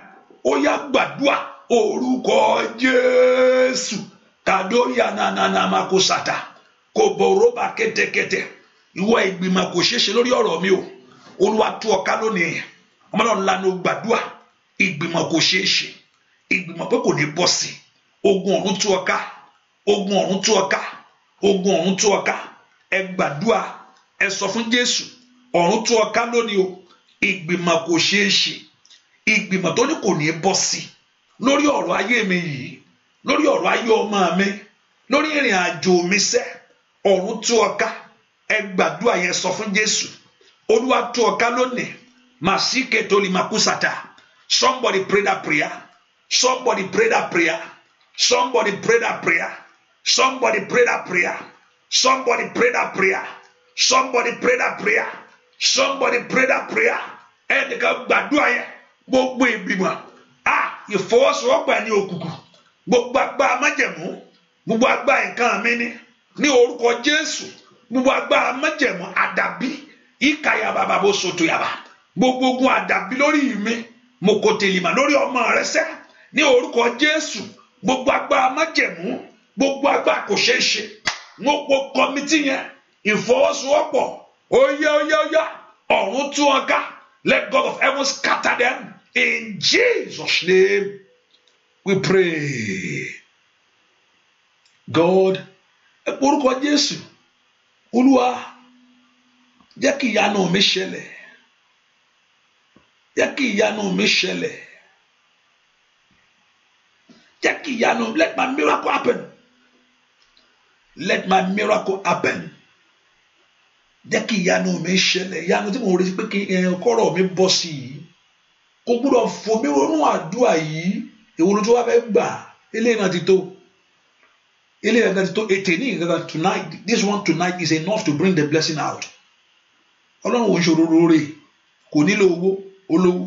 ó yá gbàdúrà orúkọ jésù kàdóyà nànàna mako sata kò bọ̀rọ̀bà kẹtẹkẹtẹ ìwọ ìgbìmọ̀ kò ṣeéṣe lórí ọ̀rọ̀ mi o olúwa tú ọ̀ká lónìí ọmọdé ńlá ni gbàdúrà ìgbìmọ̀ kò ṣeéṣe ìgbìmọ̀ pé kò ní bọ́ sí ogun ọ̀run tú ọ̀ká ogun ọ̀run tú ọ̀ká ogun ọ̀run tú ọ̀ká ẹ gbàdúrà ẹ sọ fún jésù ọ̀run tú ọ̀ká lónìí o ìgbìmọ̀ kò ṣeé ṣe ìgbìmọ̀ tó ní kò ní bọ́ sí lórí ọ̀rọ̀ ayé mi yìí lórí ọ̀rọ̀ ayé ọmọ mi lórí ìrìn àjò mi sẹ́ ọ̀run tú ọká ẹ gbàdúrà yẹn sọ fún Jésù olúwa tú ọká lónìí màsíkè tó lè máa kú sàtà somebody pray that prayer somebody pray that prayer somebody pray that prayer somebody pray that prayer somebody pray that prayer somebody pray that prayer somebody pray that prayer ẹnìkan gbàdúrà yẹn gbogbo ìgbìmọ̀ a ìfọwọ́sowọ́pọ̀ ní òkùnkùn gbogbo agbá amájẹ̀mú gbogbo agbá nǹkan mi ni ní orúkọ Jésù gbogbo agbá amájẹ̀mú àdàbí ìkàyà bàbá bó soto yàrá gbogbo ogun àdàbí lórí mi mo kò tèlè mà lórí ọmọ rẹ sẹ ní orúkọ Jésù gbogbo agbá amájẹ̀mú gbogbo agbá kò ṣeé ṣe mo po kọmitì yẹn ìfọwọ́sowọ́pọ̀ ó yá ó ọ̀run tú wọn ká Let God of heaven scatter them. In Jesus' name, we pray. God, orúkọ Jésù, Olúwa, jẹ́ kí ìyanu mi ṣẹlẹ̀. Jẹ́ kí ìyanu mi ṣẹlẹ̀. Jẹ́ kí ìyanu, let my miracle happen. Let my miracle happen jẹ́ kí ìyanu mi ṣẹlẹ̀ ìyanu tí mo retí pé kí kọ́rọ̀ mi bọ́ sí i kò gbúdọ̀ fomi ronú àdúrà yìí èwo ló tó wá fẹ́ gbà eléyìí náà ti tó eléyìí náà ti tó ètè ní ìgbàgbà tonight this one tonight is enough to bring the blessing out ọlọ́run ò ń ṣòro rore kò nílò owó olówó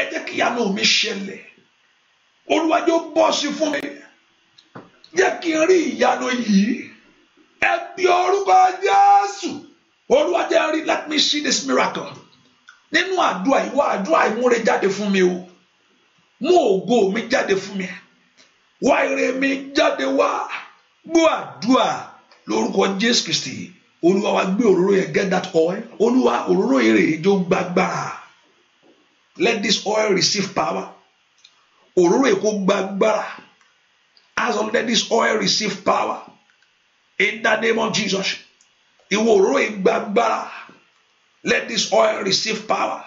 ẹ jẹ́ kí ìyanu mi ṣẹlẹ̀ olùwàjò bọ́ sí fún mi jẹ́ kí n rí ìyanu yìí. Help pe orúkọ Jésù Olúwa rí let me see this miracle nínú àdúrà ìwọ àdúrà ìmúre jáde fún mi o mú ògo mi jáde fún mi wá ire mi jáde wá gbọ́ àdúrà lórúkọ Jésù Kristi Olúwa wa gbé òróró yẹn get that oil Olúwa òróró yẹn rèé jó gbàgbà let this oil receive power òróró yẹn kó gbàgbà as of let this oil receive power in the name of Jesus ìwọ òróró ìgbàgbára let this oil receive power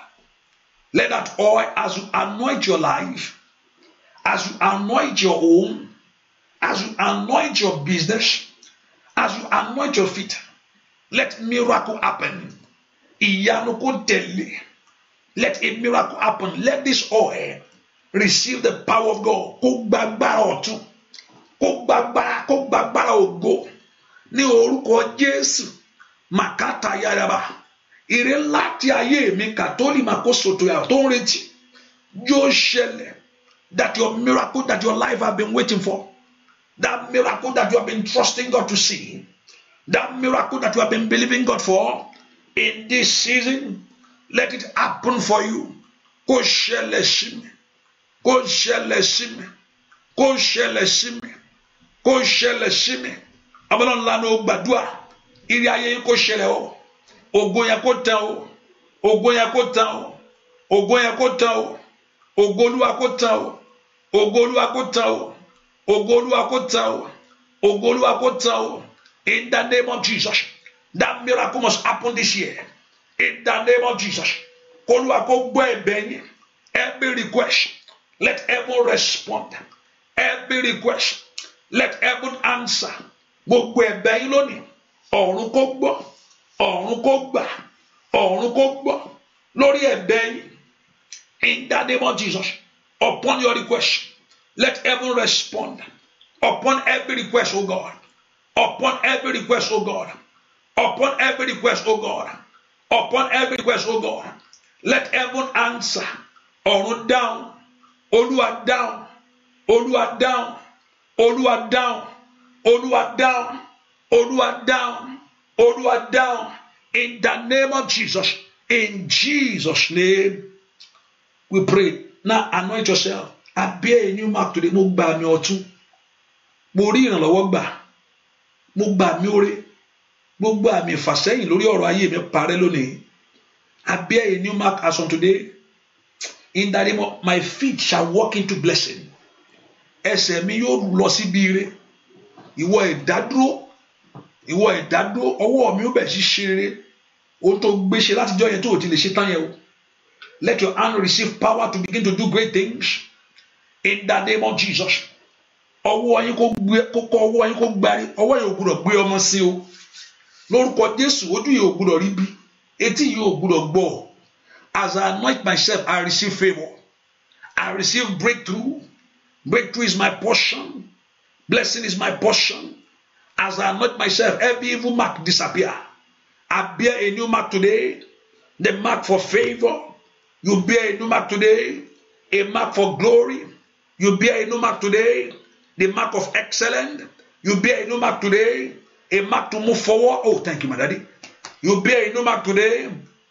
let that oil as you anoint your life as you anoint your home as you anoint your business as you anoint your feet let miracle happen ìyanu kò tẹ̀lé let a miracle happen let this oil receive the power of God kó gbàgbára ọ̀tún kó gbàgbára kó gbàgbára ògo ní orúkọ Jésù màkàtà yàrá ire láti ayé mi kàtólì máa kó sòtò yàrá tó ń retí yóò ṣẹlẹ̀ that your miracle that your life have been waiting for that miracle that you have been trusting God to see that miracle that you have been believing God for in this season let it happen for you kó ṣẹlẹ̀ sí mi kó ṣẹlẹ̀ sí mi kó ṣẹlẹ̀ sí mi kó ṣẹlẹ̀ sí mi abọ́lọ́nla ní o gbàdúrà ìrì ayé yín kó ṣẹlẹ̀ o ògo yẹn kó tán o ògo yẹn kó tán o ògo yẹn kó tán o ògo olúwa kó tán o ògo olúwa kó tán o ògo olúwa kó tán o ògo olúwa kó tán o in the name of Jesus that miracle must happen this year in the name of Jesus olúwa kó gbọ́ ẹ̀bẹ̀ yín every request let heaven respond every request let heaven answer gbogbo ẹ̀bẹ̀ yín lónìí ọ̀run kó gbọ́ ọ̀run kó gbà ọ̀run kó gbọ́ lórí ẹ̀bẹ̀ yín in the name of Jesus upon your request let heaven respond upon every request o God upon every request o God upon every request o God upon every request o God let heaven answer ọ̀run down olúwa down olúwa down olúwa down. Olúwa down, Olúwa down, Olúwa down. In the name of Jesus, in Jesus' name, we pray. Now anoint yourself. Abẹ́ ẹ̀yìn máa tòde mo gba àmì ọ̀tún. Mo rí ìrànlọ́wọ́ gbà. Mo gba àmì oore. Gbogbo àmì ìfàsẹ́yìn lórí ọ̀rọ̀ ayé mi parẹ́ lónìí. Abẹ́ ẹ̀yìn new mark as on today. In that day, my feet shall walk into blessing. Ẹsẹ̀ mi yóò lọ síbi ire ìwọ ìdádúró ìwọ ìdádúró ọwọ́ mi ó bẹ̀ sí ṣeré ohun tó gbé ṣe látijọ́ yẹn tó ò ti lè ṣe tán yẹn o let your hand receive power to begin to do great things in the name of Jesus ọwọ́ yín kó gbé kókó ọwọ́ yín kó gbárí ọwọ́ yín ò gbúdọ̀ gbé ọmọ sí o lórúkọ Jésù ojú yìí ò gbúdọ̀ rí bí etí yìí ò gbúdọ̀ gbọ́ as I anoint myself I receive favour I receive breakthrough breakthrough is my portion Blessing is my portion. As I anoint myself, every evil mark disappear. I bear a new mark today. The mark for favor. You bear a new mark today. A mark for glory. You bear a new mark today. The mark of excellence. You bear a new mark today. A mark to move forward. Oh, thank you, my daddy. You bear a new mark today.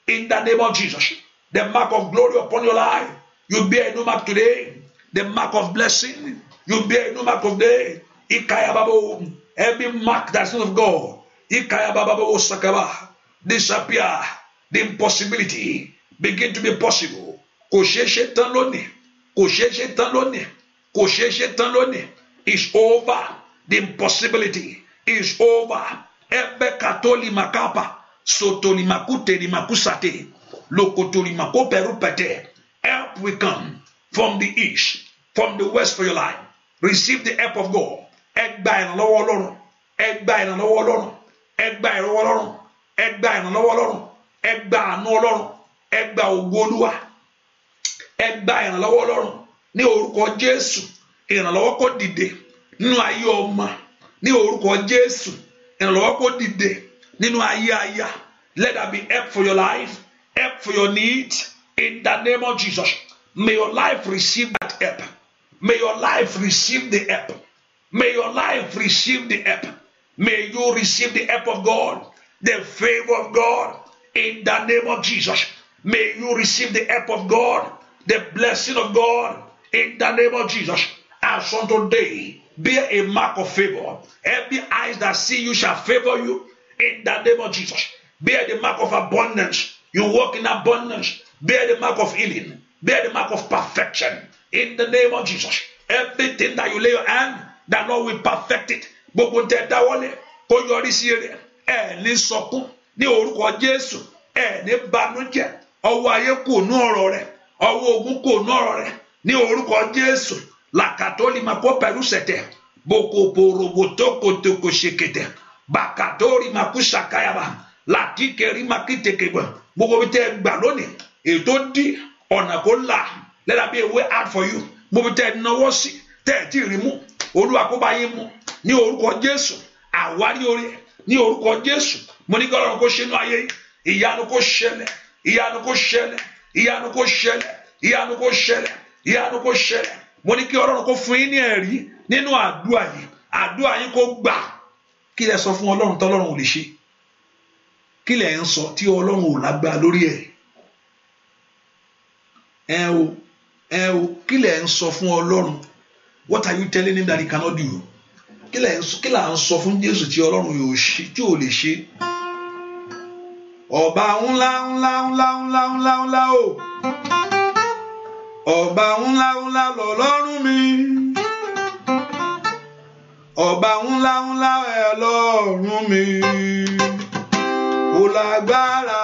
In the name of Jesus. The mark of glory upon your life. You bear a new mark today. The mark of blessing. You bear a new mark of day. Ikayababo, every mark that's not of God, Ikayababo Sakaba, disappear. The impossibility begin to be possible. Kò ṣeé ṣe tán lónìí, kò ṣeé ṣe tán lónìí, kò ṣeé ṣe tán lónìí. It's over. The impossibility is over. Ebe katoli makapa, sotoli makute ni makusate, lokotoli makoperu pete. Help will come from the east, from the west for your life. Receive the help of God ẹ gba ìrànlọ́wọ́ ọlọ́run ẹ gba ìrànlọ́wọ́ ọlọ́run ẹ gba ìrànlọ́wọ́ ọlọ́run ẹ gba ìrànlọ́wọ́ ọlọ́run ẹ gba àánú ọlọ́run ẹ gba ògo olúwa ẹ gba ìrànlọ́wọ́ ọlọ́run ní orúkọ jésù ìrànlọ́wọ́ kó dìde nínú ayé ọmọ ní orúkọ jésù ìrànlọ́wọ́ kó dìde nínú ayé aya let that be help for your life help for your need in the name of jesus may your life receive that help may your life receive the help May your life receive the help. May you receive the help of God, the favor of God in the name of Jesus. May you receive the help of God, the blessing of God in the name of Jesus. As on today, bear a mark of favor. Every eyes that see you shall favor you in the name of Jesus. Bear the mark of abundance. You walk in abundance. Bear the mark of healing. Bear the mark of perfection in the name of Jesus. Everything that you lay your hand the Lord will perfect it gbogbo tẹ dáwọ́lé kó yọrí sí rẹ̀ ẹ̀ ní sọkún ní orúkọ Jésù ẹ̀ ní banújẹ́ ọwọ́ ayé kò nú ọ̀rọ̀ rẹ̀ ọwọ́ ogun kò nú ọ̀rọ̀ rẹ̀ ní orúkọ Jésù làkàtólì máa kó pẹ̀lú sẹ̀tẹ̀ bokoporobo tokotoko ṣèkètè bàkàtórì máa kú ṣàkàyàbà làkìkẹrì máa kí tèkègbà gbogbo bí tẹ gbà lónìí ètò dí ọ̀nà kó là lẹ́la bí ewé hard for you gbogbo bí tẹ náwó sí tẹ̀ tí ì rí mú olúwa kó ní orúkọ jésù àwárí orí ní orúkọ jésù mo ní kọlọrun kó ṣe inú ayé yìí ìyanu kó ṣẹlẹ̀ ìyanu kó ṣẹlẹ̀ ìyanu kó ṣẹlẹ̀ ìyanu kó ṣẹlẹ̀ ìyanu kó ṣẹlẹ̀ mo ní kí ọlọ́run kó fún yín ní ẹ̀rí nínú àdúrà yìí àdúrà yín kó gbà kí lẹ sọ fún ọlọ́run tọ́lọ́run ò lè ṣe kí lẹ ń sọ tí ọlọ́run ò lágbára lórí ẹ̀ ẹ o ẹ o kí lẹ ń sọ fún ọlọ́run what are you telling him that he cannot do kí là ń sọ fún Jésù tí Ọlọ́run yóò ṣe tí ò lè ṣe ọba ńlá ńlá ńlá ńlá ńlá ńlá o ọba ńlá ńlá lọ́lọ́run mi ọba ńlá ńlá ẹ lọ́run mi ó lágbára.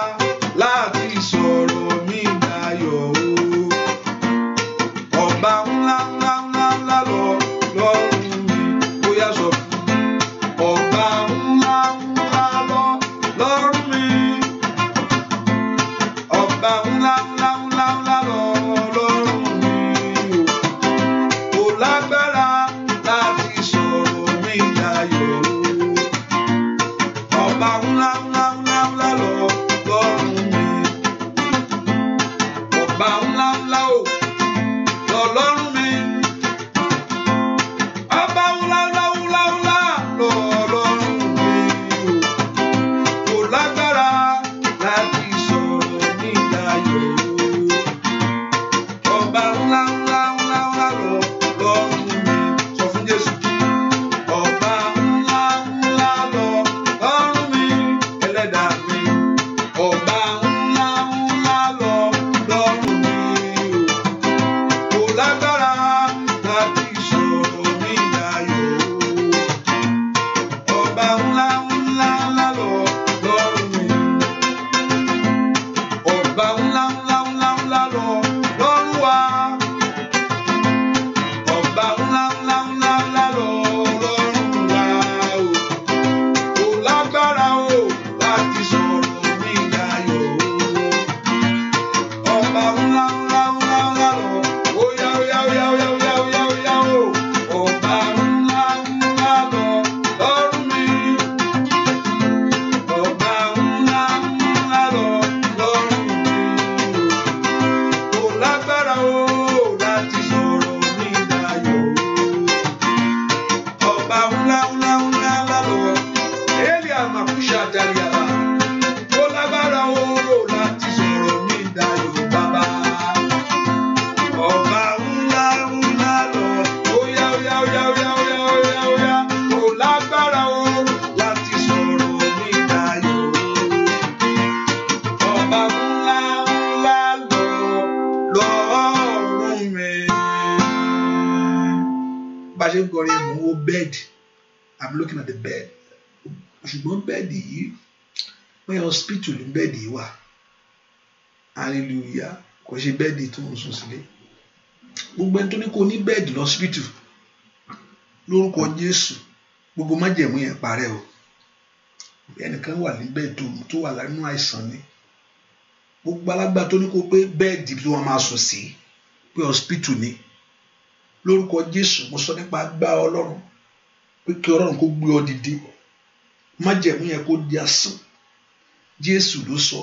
bẹ́ẹ̀dì tó ń sùn sílé gbogbo ẹni tó ní kó ní bẹ́ẹ̀dì lọ́sibítù lórúkọ Jésù gbogbo májẹ̀mú yẹn parẹ́ o ẹnìkan wà ní tó wà nínú àìsàn ni gbogbo alágbá tó ní kó pé bẹ́ẹ̀dì tí wọ́n máa sùn sí pé hospital ni lórúkọ Jésù mo sọ nípa agbá Ọlọ́run pé kí Ọlọ́run kó gbé ọ dìde májẹ̀mú yẹn kó di asán Jésù ló sọ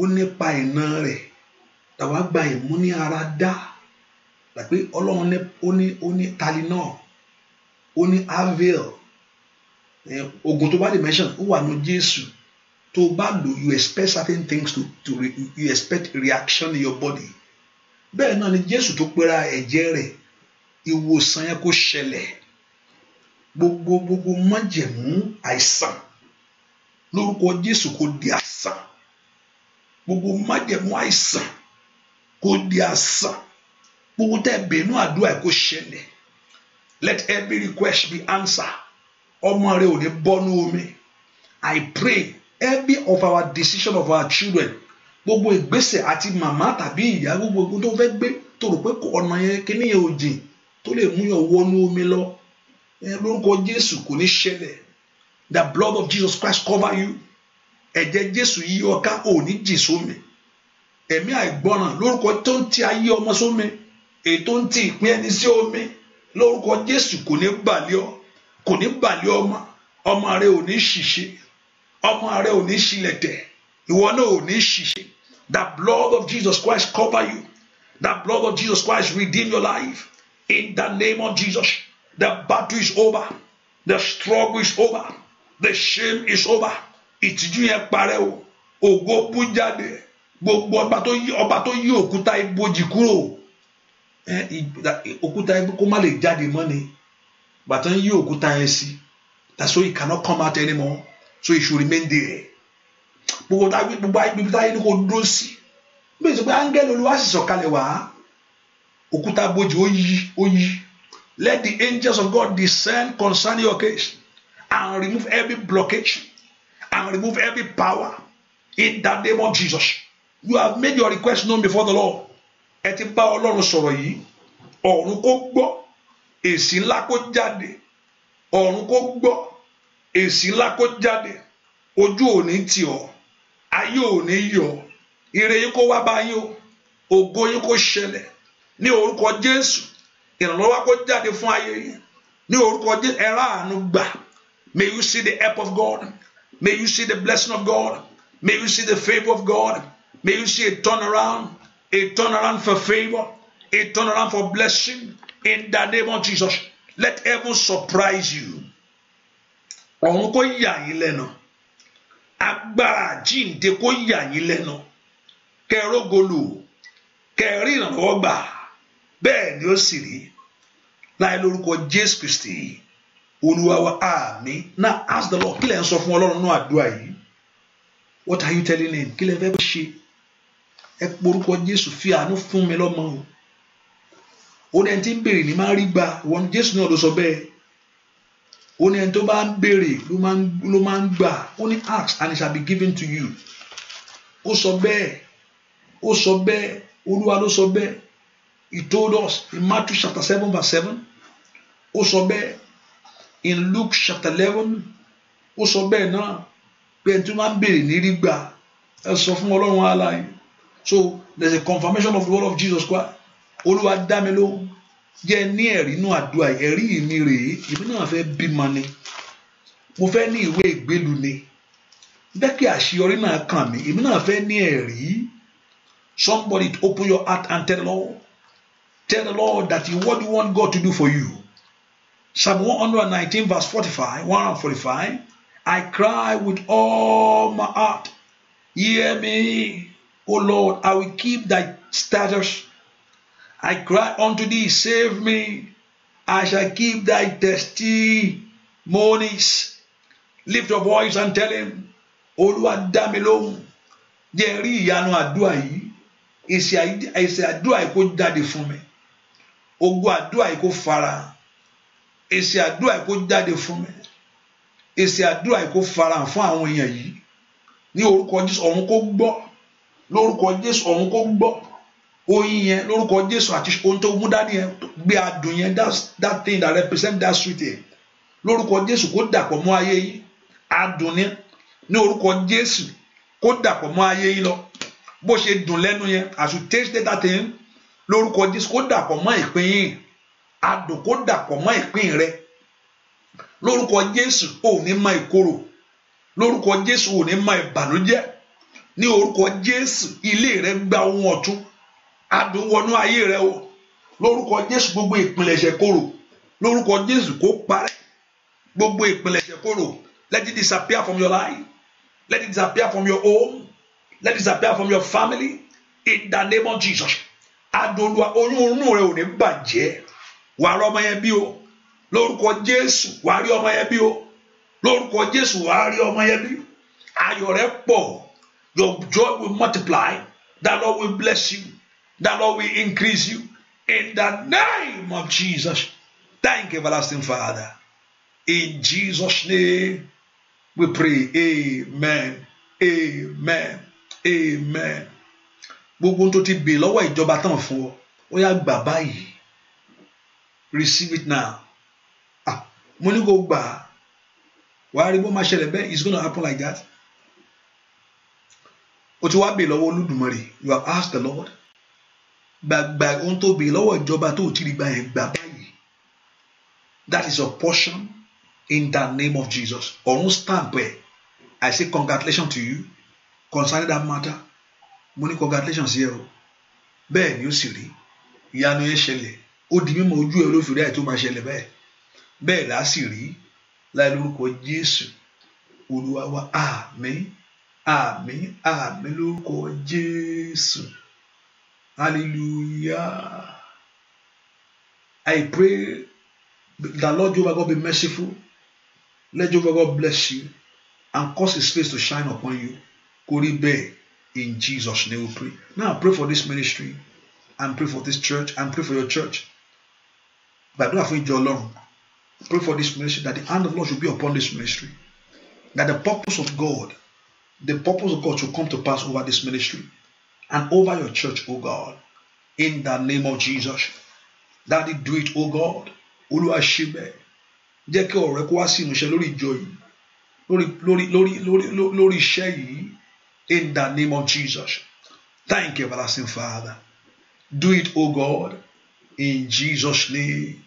ó nípa ìná rẹ̀ tàwa gba ìmúniaradá pé ọlọ́run ní ó ní ó ní Tylenol ó ní Advil oògùn tó bá lè mention ó wà ní Jésù tó bá lò you expect certain things to to re, you expect reaction in your body bẹ́ẹ̀ náà ni Jésù tó pera ẹ̀jẹ̀ rẹ̀ ìwòsàn yẹn kó ṣẹlẹ̀ gbogbo gbogbo májẹ̀mú àìsàn lórúkọ Jésù kó di àsàn gbogbo májẹ̀mú àìsàn kó di asán gbogbo tẹ́ bẹ̀ẹ́nú àdúrà ẹ̀ kó ṣẹlẹ̀ let every request be answered ọmọ rẹ ò ní bọ́nú omi i pray every of our decision of our children gbogbo ìgbésẹ̀ àti màmá tàbí ìyá gbogbo ogun tó fẹ́ gbé tó rò pé ọ̀nà yẹn kíní yẹn ò jìn tó lè mú yàn wọnú omi lọ lórúkọ jésù kò ní ṣẹlẹ̀ the blood of jesus christ cover you ẹ̀jẹ̀ jésù yí ọ ká ò ní jì sómi ẹ̀mí àìgbọràn lórúkọ tó ń ti ayé ọmọ sómi ètò ń ti ìpín ẹni sí omi lórúkọ Jésù kò ní bàlẹ́ ọ kò ní bàlẹ́ ọmọ ọmọ rẹ ò ní ṣìṣe ọmọ rẹ ò ní ṣìlẹ̀tẹ̀ ìwọ náà ò ní ṣìṣe the blood of Jesus Christ cover you the blood of Jesus Christ redeem your life in the name of Jesus the battle is over the struggle is over the shame is over ìtìjú yẹn parẹ́ o ògo bú jáde gbogbo ọba tó yí ọba tó yí òkúta ibojì kúrò òkúta ibi kó má lè jáde mọ́ ni bàtà ń yí òkúta yẹn sí that's why it cannot come out anymore so it should remain there gbogbo táyé gbogbo ibi táyé ni kò dúró sí bẹ́ẹ̀ sọ pé áńgẹ́lì olúwa sì sọ̀kalẹ̀ wá òkúta ibojì ó yí ó yí let the angels of God descend concerning your case and remove every blockage and remove every power in the name of Jesus you have made your request known before the Lord ẹ ti bá ọlọ́run sọ̀rọ̀ yìí ọ̀run kó gbọ́ èsì ńlá kó jáde ọ̀run kó gbọ́ èsì ńlá kó jáde ojú ò tì ọ́ ayé ò yọ ire yín kó wá bá o ògo yín kó ṣẹlẹ̀ ní orúkọ Jésù ìrànlọ́wọ́ kó jáde fún ayé yín ní orúkọ Jésù ẹ̀rọ àánú gbà may you see the help of God may you see the blessing of God may you see the favour of God. May you see a turnaround, a turnaround for favor, a turnaround for blessing in the name of Jesus. Let heaven surprise you. Ọ̀run kó yà yín lẹ́nu. Agbára jíǹde kó yà yín lẹ́nu. Kẹrógolù kẹrí ìrànlọ́wọ́ gbà bẹ́ẹ̀ ni ó sì rí. Láì lórúkọ Jésù Kristì Olúwa wa àmín. Now ask the Lord kí lẹ̀ ń sọ fún Ọlọ́run náà àdúrà yìí. What are you telling him? Kí lẹ̀ fẹ́ bó ṣe? ẹ porúkọ jésù fi àánú fún mi lọ́mọ o ó ní ẹni tí ń béèrè ní máa rí gbà ìwọ ni jésù náà ló sọ bẹ́ẹ̀ ó ní ẹni tó bá ń béèrè ló máa ń gbà ó ní ask and it shall be given to you ó sọ bẹ́ẹ̀ ó sọ bẹ́ẹ̀ olúwa ló sọ bẹ́ẹ̀ he told us in Matthew chapter seven verse seven ó sọ bẹ́ẹ̀ in Luke chapter eleven ó sọ bẹ́ẹ̀ náà pé ẹni tó máa ń béèrè ní rí gbà ẹ sọ fún ọlọ́run aláyé so there's a confirmation of the word of Jesus Christ olúwa dá mi lóhùn jẹ́ ní ẹ̀rí inú àdúrà ẹ̀rí mi rèé èmi náà fẹ́ bímọ ni mo fẹ́ ní ìwé ìgbélu ni jẹ́ kí àṣeyọrí náà kàn mí èmi náà fẹ́ ní ẹ̀rí somebody open your heart and tell the Lord tell the Lord that you what you want God to do for you Psalm one hundred and nineteen verse forty-five one hundred and forty-five I cry with all my heart hear me. O oh Lord, I will keep thy status. I cry unto thee, save me. I shall keep thy testimonies. Lift your voice and tell him, Olúwa dá mi lóhùn. Jẹ́ rí ìyanu àdúrà yìí. Èsì àdúrà yìí kó jáde fún mi. Ogun àdúrà yìí kó fara. Èsì àdúrà yìí kó jáde fún mi. Èsì àdúrà yìí kó fara fún àwọn èèyàn yìí. Ní orúkọ Jésù, ọ̀run kó gbọ́ lórúkọ jésù ọ̀run kó gbọ́ oyin yẹn lórúkọ jésù àti ohun tó mú dání yẹn gbé adùn yẹn that thing that represent that sweet yẹn lórúkọ jésù kó dàpọ̀ mọ́ ayé yín adùn ni ní orúkọ jésù kó dàpọ̀ mọ́ ayé yín lọ bó ṣe dùn lẹ́nu yẹn as taste that thing lórúkọ jésù kó dàpọ̀ mọ́ ìpín yín adùn kó dàpọ̀ mọ́ ìpín rẹ lórúkọ jésù ò ní mọ ìkorò lórúkọ jésù ò ní mọ ìbànújẹ́ ní orúkọ jésù ilé rẹ gba ohun ọ̀tun adùn wọnú ayé rẹ o lórúkọ jésù gbogbo ìpìlẹ̀ṣẹ̀ korò lórúkọ jésù kó parẹ́ gbogbo ìpìlẹ̀ṣẹ̀ korò let it disappear from your life let it disappear from your home let it disappear from your family in the name of jesus adùn oyún oorun rẹ ò ní bàjẹ́ wàá rọ ọmọ yẹn bí o lórúkọ jésù wàá rí ọmọ yẹn bí o lórúkọ jésù wàá rí ọmọ yẹn bí ayọ̀ rẹ pọ̀ Your joy will multiply. The Lord will bless you. The Lord will increase you. In the name of Jesus. Thank you, everlasting Father. In Jesus' name, we pray. Amen. Amen. Amen. Gbogbo tó ti bè lọ́wọ́ ìjọba tán fún ọ, ó yá gbà báyìí. Receive it now. Ah, mo ní kó gbà á. Wàá rí bó máa ṣẹlẹ̀ bẹ́ẹ̀, it's gonna happen like that o ti wá bè lọ́wọ́ olódùmarè you have asked the lord gbàgbà ohun tó bè lọ́wọ́ ìjọba tó ò tí gbà yẹn gbà báyìí that is your portion in the name of jesus ọ̀run stamp ẹ̀ i say congratulations to you concerning that matter mo ní congratulations yẹ o bẹ́ẹ̀ ni ó sì rí ìyanu yẹn ṣẹlẹ̀ ó di mímọ̀ ojú ẹ ló fi rí àìtó máa ṣẹlẹ̀ bẹ́ẹ̀ bẹ́ẹ̀ là á sì rí láì lórúkọ jésù olúwa wa àmín. Ah, àmín àmín lórúkọ Jésù hallelujah I pray that Lord Jehovah God be merciful let Jehovah God bless you and cause his face to shine upon you kò rí in Jesus name we pray now pray for this ministry and pray for this church and pray for your church gbàdúrà fún ìjọ Ọlọ́run pray for this ministry that the hand of Lord should be upon this ministry that the purpose of God the purpose of God to come to pass over this ministry and over your church, O God. In the name of Jesus. that Daddy, do it, O God. Olúwa ṣe bẹ́ẹ̀. Jẹ́ kí ọ̀rẹ́ kó wá sí ìmúṣẹ lórí ìjọ yìí. Lórí lórí lórí lórí lórí iṣẹ́ yìí. In the name of Jesus. Thank you, everlasting Father. Do it, O God. In Jesus' name.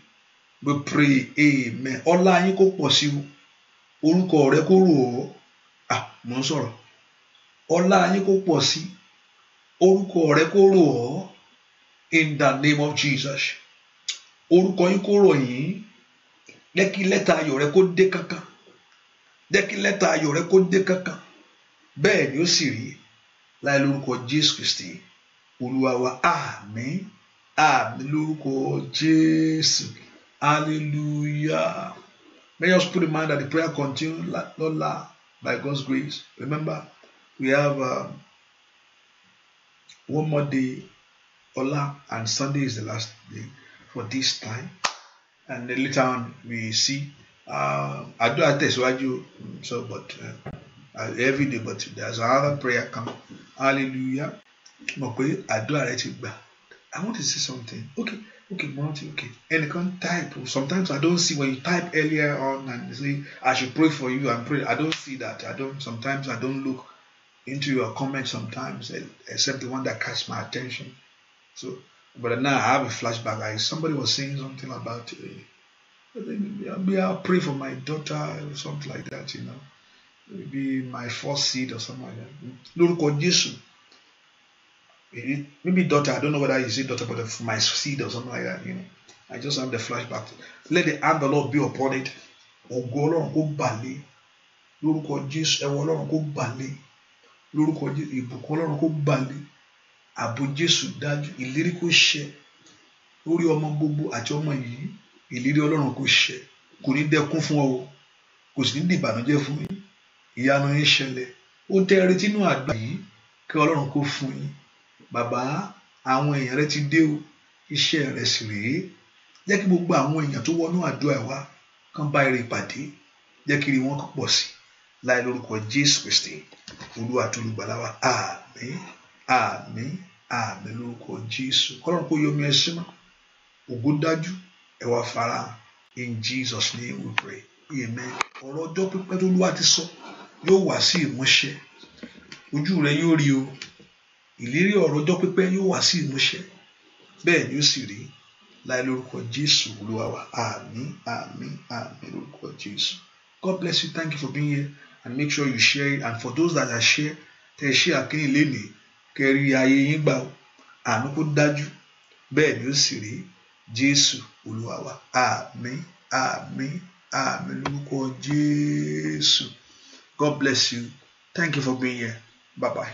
We pray. Amen. Ọlá yín kó pọ̀ sí Orúkọ rẹ kó rò ó. Ah, mo ń sọ̀rọ̀ ọlá yín kó pọ̀ sí orúkọ rẹ kó rò ọ́ in the name of Jesus orúkọ yín kó rò yín jẹ́ kí lẹ́tà ayọ̀ rẹ kó dé kankan jẹ́ kí lẹ́tà ayọ̀ rẹ kó dé kankan bẹ́ẹ̀ ni ó sì rí láì lórúkọ Jésù Kristi olúwa wa àmín lórúkọ Jésù hallelujah may us put in mind that the prayer continue lọ́la by God's grace remember we have uh, one more day, Ola, and Sunday is the last day for this time. And then later on, we see. Um, I do attest what you so, but uh, every day, but there's another prayer come. Hallelujah. I want to say something. Okay, okay, Monty, okay. And you type. Sometimes I don't see when you type earlier on and say I should pray for you and pray. I don't see that. I don't. Sometimes I don't look into your comments sometimes, eh, except the one that catch my attention. So, but now I have a flashback. I somebody was saying something about, uh, maybe I'll pray for my daughter or something like that, you know. Maybe my first seed or something like that. Lórúkọ Jesus. Maybe daughter, I don't know whether you say daughter, but my seed or something like that, you know. I just have the flashback. Let the hand of the Lord be upon it. Ògo go kó bà lé. Jesus. Jésù, ẹ̀wọ̀ Ọlọ́run lórúkọ ìbùkún ọlọ́run kó balẹ̀ ààbò jésù dájú ìlérí kó ṣẹ lórí ọmọ gbogbo àti ọmọ yìí ìlérí ọlọ́run kó ṣẹ kò ní dẹkún fún ọ kò sì ní dìbànújẹ́ fún yín ìyanu yín ṣẹlẹ̀ ó tẹ́ retí inú àgbà yìí kí ọlọ́run kó fún yín bàbá àwọn èèyàn rẹ ti dé o iṣẹ́ rẹ sì rèé jẹ́ kí gbogbo àwọn èèyàn tó wọnú àdúrà wa kán bá ire pàdé jẹ́ kí ire wọn pọ̀ sí láì lórúkọ Jésù Kristi olúwa tó lùgbàlà wa àmín àmín àmín lórúkọ Jésù kọ́lọ́n kó yomi ẹsẹ̀ mọ́ ògo dájú ẹ fara in Jesus name we pray amen ọ̀rọ̀ ọjọ́ pípẹ́ tó lúwa ti sọ yóò wá sí ìmúṣẹ ojú rẹ yóò rí o ìlérí ọ̀rọ̀ ọjọ́ pípẹ́ yóò wá sí ìmúṣẹ bẹ́ẹ̀ ni ó sì rí láì lórúkọ Jésù olúwa wa àmín àmín àmín lórúkọ Jésù God bless you thank you for being here and make sure you share it and for those that are share tẹ ṣe àkíní lénìí kẹrí ayé yín gbà ó àánú kó dájú bẹ́ẹ̀ ni ó sì rí Jésù Olúwa wa àmín àmín lórúkọ Jésù God bless you thank you for being here bye bye.